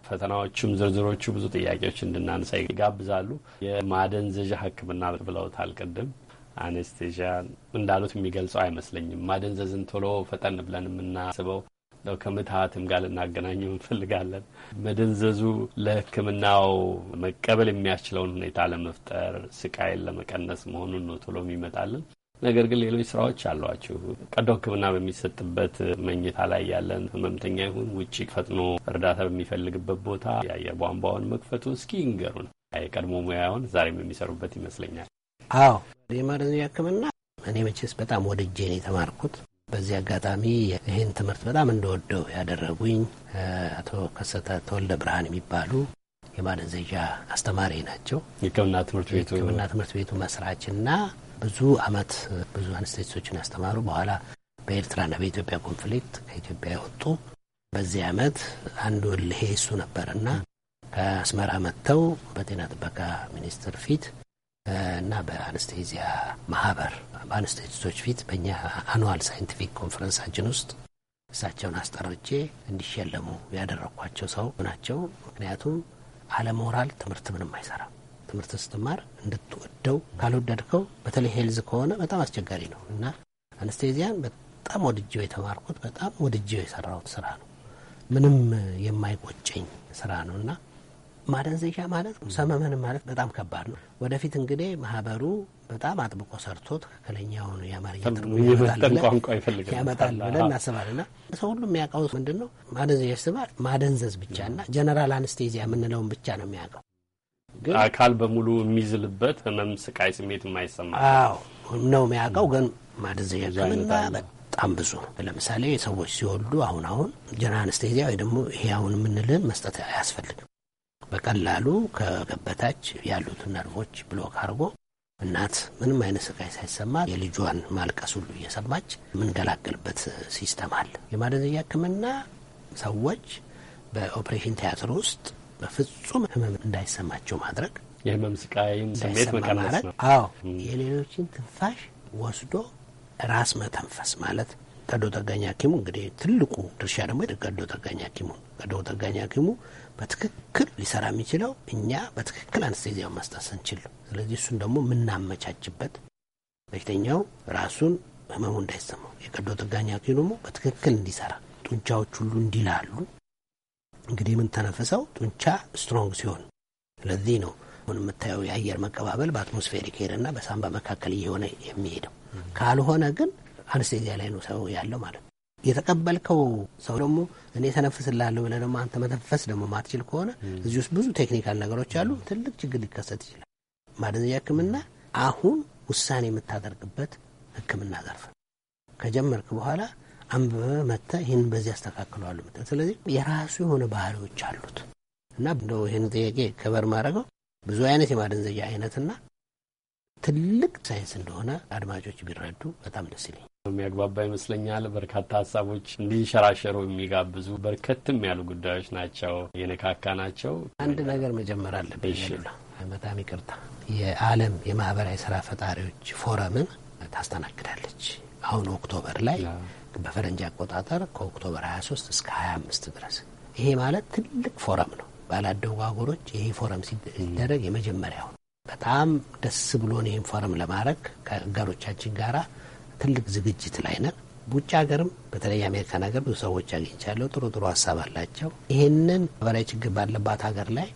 ፈተናዎቹም ዝርዝሮቹ ብዙ ጥያቄዎች እንድናነሳ ይጋብዛሉ። የማደንዘዣ ሕክምና ብለውታል ቅድም አኔስቴዥያ እንዳሉት የሚገልጸው አይመስለኝም። ማደንዘዝን ቶሎ ፈጠን ብለን የምናስበው ነው። ጋር ልናገናኘው እንፈልጋለን። መደንዘዙ ለሕክምናው መቀበል የሚያስችለውን ሁኔታ ለመፍጠር ስቃይን ለመቀነስ መሆኑን ነው ቶሎ የሚመጣልን። ነገር ግን ሌሎች ስራዎች አሏችሁ። ቀዶ ሕክምና በሚሰጥበት መኝታ ላይ ያለን ህመምተኛ ይሁን ውጭ ፈጥኖ እርዳታ በሚፈልግበት ቦታ የአየር ቧንቧውን መክፈቱ እስኪ ይንገሩን። የቀድሞ ሙያውን ዛሬም የሚሰሩበት ይመስለኛል።
አዎ የማደንዘዣ ሕክምና እኔ መቼስ በጣም ወድጄ ነው የተማርኩት። በዚህ አጋጣሚ ይህን ትምህርት በጣም እንደወደው ያደረጉኝ አቶ ከሰተ ተወልደ ብርሃን የሚባሉ የማደንዘዣ አስተማሪ ናቸው። የሕክምና ትምህርት ቤቱ ሕክምና ትምህርት ቤቱ መስራችና ብዙ አመት ብዙ አንስቴቶችን ያስተማሩ በኋላ በኤርትራና በኢትዮጵያ ኮንፍሊክት ከኢትዮጵያ የወጡ በዚህ አመት አንዱ ልሄ እሱ ነበርና ከአስመራ መጥተው በጤና ጥበቃ ሚኒስትር ፊት እና በአነስቴዚያ ማህበር በአነስቴዚስቶች ፊት በእኛ አኑዋል ሳይንቲፊክ ኮንፈረንሳችን ውስጥ እሳቸውን አስጠርቼ እንዲሸለሙ ያደረግኳቸው ሰው ናቸው። ምክንያቱም አለሞራል ትምህርት ምንም አይሰራም። ትምህርት ስትማር እንድትወደው ካልወደድከው፣ በተለይ ሄልዝ ከሆነ በጣም አስቸጋሪ ነው እና አነስቴዚያን በጣም ወድጄው የተማርኩት በጣም ወድጄው የሰራሁት ስራ ነው። ምንም የማይቆጨኝ ስራ ነው እና ማደንዘዣ ማለት ነው። ሰመመንም ማለት በጣም ከባድ ነው። ወደፊት እንግዲህ ማህበሩ በጣም አጥብቆ ሰርቶ ትክክለኛውን የአማርኛ ትርጉም ቋንቋ ይፈልጋል ያመጣል ብለን እናስባልና ሰው ሁሉ የሚያውቀው ምንድን ነው ማደንዘዣ ስባል ማደንዘዝ ብቻ ጀነራል አንስቴዚያ የምንለውን ብቻ ነው የሚያውቀው
አካል በሙሉ የሚዝልበት ህመም፣ ስቃይ፣ ስሜት የማይሰማው
ነው የሚያውቀው ግን
ማደንዘዣ ሕክምና በጣም ብዙ ነው። ለምሳሌ
ሰዎች ሲወልዱ አሁን አሁን ጀነራል አንስቴዚያ ወይ ደግሞ ይሄ አሁን የምንልን መስጠት አያስፈልግም። በቀላሉ ከገበታች ያሉትን ነርቮች ብሎክ አድርጎ እናት ምንም አይነት ስቃይ ሳይሰማ የልጇን ማልቀስ ሁሉ እየሰማች የምንገላገልበት ሲስተም አለ። የማደንዘያ ሕክምና ሰዎች በኦፕሬሽን ቲያትር ውስጥ በፍጹም ህመም እንዳይሰማቸው ማድረግ የህመም
ስቃይን ስሜት መቀነስ ነው።
አዎ የሌሎችን ትንፋሽ ወስዶ ራስ መተንፈስ ማለት ቀዶ ጠጋኝ ሐኪሙ እንግዲህ ትልቁ ድርሻ ደግሞ ቀዶ ጠጋኝ ሐኪሙ ቀዶ ጥገና ሐኪሙ በትክክል ሊሰራ የሚችለው እኛ በትክክል አንስቴዚያ መስጠት ስንችል። ስለዚህ እሱን ደግሞ የምናመቻችበት በሽተኛው ራሱን ህመሙ እንዳይሰማው የቀዶ ጥገና ሐኪሙ ደግሞ በትክክል እንዲሰራ ጡንቻዎች ሁሉ እንዲላሉ እንግዲህ የምንተነፍሰው ጡንቻ ስትሮንግ ሲሆን፣ ስለዚህ ነው አሁን የምታየው የአየር መቀባበል በአትሞስፌሪክ ሄድና በሳምባ መካከል እየሆነ የሚሄደው። ካልሆነ ግን አንስቴዚያ ላይ ነው ሰው ያለው ማለት ነው። የተቀበልከው ሰው ደግሞ እኔ ተነፍስላለሁ ብለህ ደግሞ አንተ መተንፈስ ደግሞ ማትችል ከሆነ እዚህ ውስጥ ብዙ ቴክኒካል ነገሮች አሉ። ትልቅ ችግር ሊከሰት ይችላል። ማደንዘያ ሕክምና አሁን ውሳኔ የምታደርግበት ሕክምና ዘርፍ ከጀመርክ በኋላ አንብበ መተ ይህን በዚህ ያስተካክለዋሉ። ስለዚህ የራሱ የሆነ ባህሪዎች አሉት እና እንደው ይህን ጥያቄ ከበር ማድረገው ብዙ አይነት የማደንዘያ አይነትና ትልቅ ሳይንስ እንደሆነ አድማጮች ቢረዱ በጣም ደስ ይለኝ።
የሚያግባባ ይመስለኛል። በርካታ ሀሳቦች እንዲሸራሸሩ የሚጋብዙ በርከትም ያሉ ጉዳዮች ናቸው፣ የነካካ ናቸው። አንድ ነገር መጀመር አለብኝ። በጣም ይቅርታ።
የዓለም የማህበራዊ ስራ ፈጣሪዎች ፎረምን ታስተናግዳለች። አሁን ኦክቶበር ላይ በፈረንጅ አቆጣጠር ከኦክቶበር 23 እስከ 25 ድረስ ይሄ ማለት ትልቅ ፎረም ነው። ባላደጉ ሀገሮች ይሄ ፎረም ሲደረግ የመጀመሪያው በጣም ደስ ብሎን ኢንፎርም ለማድረግ ከአጋሮቻችን ጋር ትልቅ ዝግጅት ላይ ነን። ውጭ ሀገርም በተለይ አሜሪካን ሀገር ብዙ ሰዎች አግኝቻለሁ። ጥሩ ጥሩ ሀሳብ አላቸው። ይህንን ማህበራዊ ችግር ባለባት ሀገር ላይ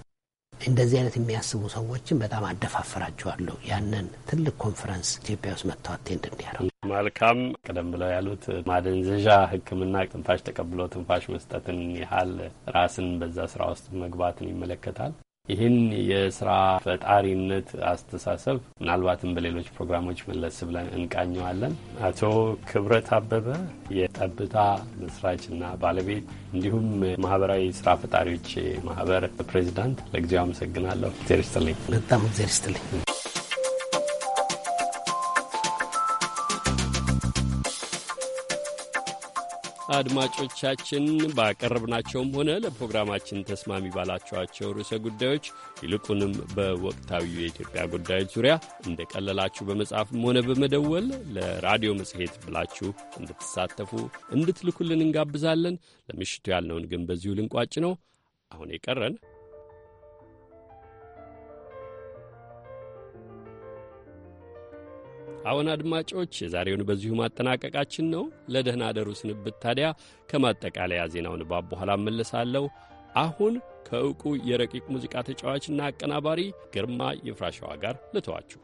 እንደዚህ አይነት የሚያስቡ ሰዎችን በጣም አደፋፍራቸዋለሁ። ያንን ትልቅ ኮንፈረንስ ኢትዮጵያ ውስጥ መጥተው አቴንድ
እንዲያደርጉ። መልካም። ቀደም ብለው ያሉት ማደንዘዣ ሕክምና ትንፋሽ ተቀብሎ ትንፋሽ መስጠትን ያህል ራስን በዛ ስራ ውስጥ መግባትን ይመለከታል። ይህን የስራ ፈጣሪነት አስተሳሰብ ምናልባትም በሌሎች ፕሮግራሞች መለስ ብለን እንቃኘዋለን። አቶ ክብረት አበበ የጠብታ መስራችና ባለቤት እንዲሁም ማህበራዊ ስራ ፈጣሪዎች ማህበር ፕሬዚዳንት፣ ለጊዜው አመሰግናለሁ። እግዜር ይስጥልኝ። በጣም እግዜር ይስጥልኝ። አድማጮቻችን ባቀረብናቸውም ሆነ ለፕሮግራማችን ተስማሚ ባላችኋቸው ርዕሰ ጉዳዮች ይልቁንም በወቅታዊ የኢትዮጵያ ጉዳዮች ዙሪያ እንደቀለላችሁ በመጻፍም ሆነ በመደወል ለራዲዮ መጽሔት ብላችሁ እንድትሳተፉ እንድትልኩልን እንጋብዛለን። ለምሽቱ ያልነውን ግን በዚሁ ልንቋጭ ነው። አሁን የቀረን አሁን አድማጮች፣ የዛሬውን በዚሁ ማጠናቀቃችን ነው። ለደህና አደሩ ስንብት ታዲያ ከማጠቃለያ ዜናው ንባብ በኋላ እመለሳለሁ። አሁን ከእውቁ የረቂቅ ሙዚቃ ተጫዋችና አቀናባሪ ግርማ ይፍራሸዋ ጋር ልተዋችሁ።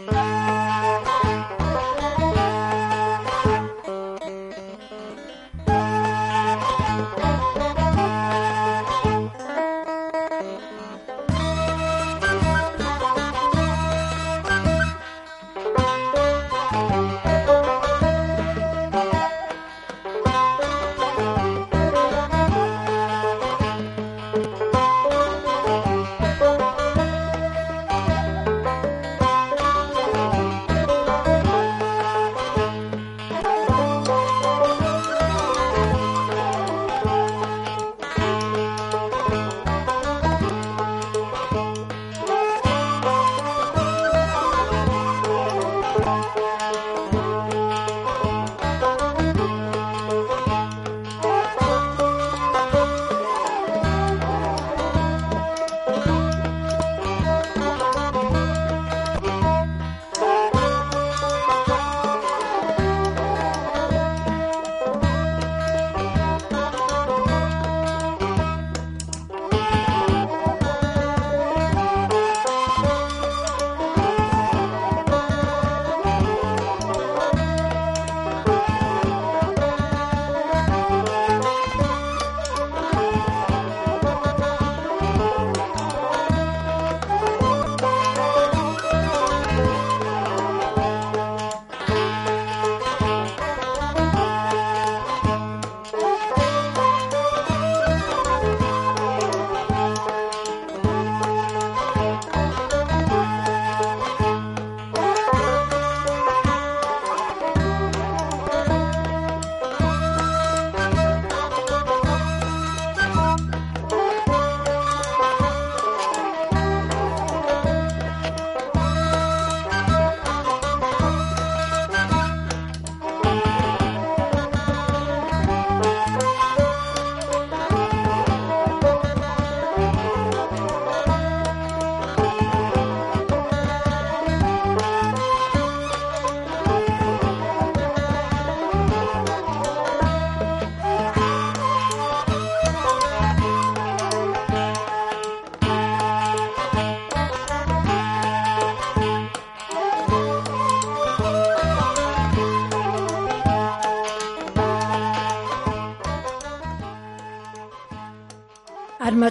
Bye.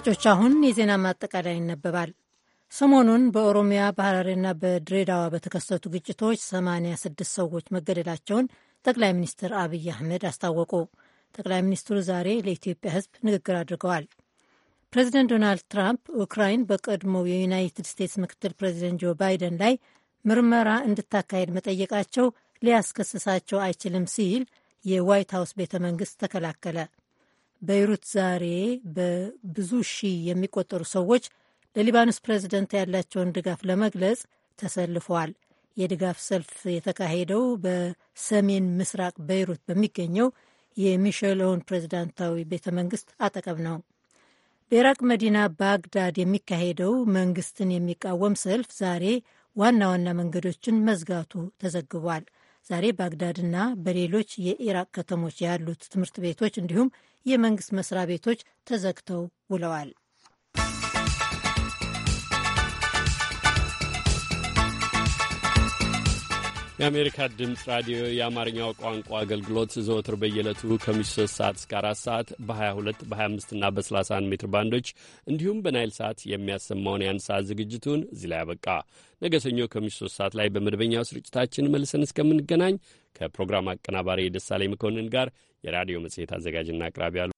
አድማጮች፣ አሁን የዜና ማጠቃለያ ይነበባል። ሰሞኑን በኦሮሚያ በሐራሬና በድሬዳዋ በተከሰቱ ግጭቶች 86 ሰዎች መገደላቸውን ጠቅላይ ሚኒስትር አብይ አህመድ አስታወቁ። ጠቅላይ ሚኒስትሩ ዛሬ ለኢትዮጵያ ሕዝብ ንግግር አድርገዋል። ፕሬዚደንት ዶናልድ ትራምፕ ኡክራይን በቀድሞው የዩናይትድ ስቴትስ ምክትል ፕሬዚደንት ጆ ባይደን ላይ ምርመራ እንድታካሄድ መጠየቃቸው ሊያስከስሳቸው አይችልም ሲል የዋይት ሀውስ ቤተ መንግስት ተከላከለ። በይሩት ዛሬ በብዙ ሺህ የሚቆጠሩ ሰዎች ለሊባኖስ ፕሬዚደንት ያላቸውን ድጋፍ ለመግለጽ ተሰልፈዋል። የድጋፍ ሰልፍ የተካሄደው በሰሜን ምስራቅ በይሩት በሚገኘው የሚሸለውን ፕሬዚዳንታዊ ፕሬዝዳንታዊ ቤተ መንግስት አጠገብ ነው። በኢራቅ መዲና ባግዳድ የሚካሄደው መንግስትን የሚቃወም ሰልፍ ዛሬ ዋና ዋና መንገዶችን መዝጋቱ ተዘግቧል። ዛሬ ባግዳድና በሌሎች የኢራቅ ከተሞች ያሉት ትምህርት ቤቶች እንዲሁም የመንግስት መስሪያ ቤቶች ተዘግተው ውለዋል።
የአሜሪካ ድምፅ ራዲዮ የአማርኛው ቋንቋ አገልግሎት ዘወትር በየዕለቱ ከምሽቱ 3 ሰዓት እስከ 4 ሰዓት በ22 በ25 እና በ31 ሜትር ባንዶች እንዲሁም በናይል ሰዓት የሚያሰማውን የአንድ ሰዓት ዝግጅቱን እዚህ ላይ አበቃ። ነገ ሰኞ ከምሽቱ 3 ሰዓት ላይ በመደበኛው ስርጭታችን መልሰን እስከምንገናኝ ከፕሮግራም አቀናባሪ የደሳለኝ መኮንን ጋር የራዲዮ መጽሔት አዘጋጅና አቅራቢ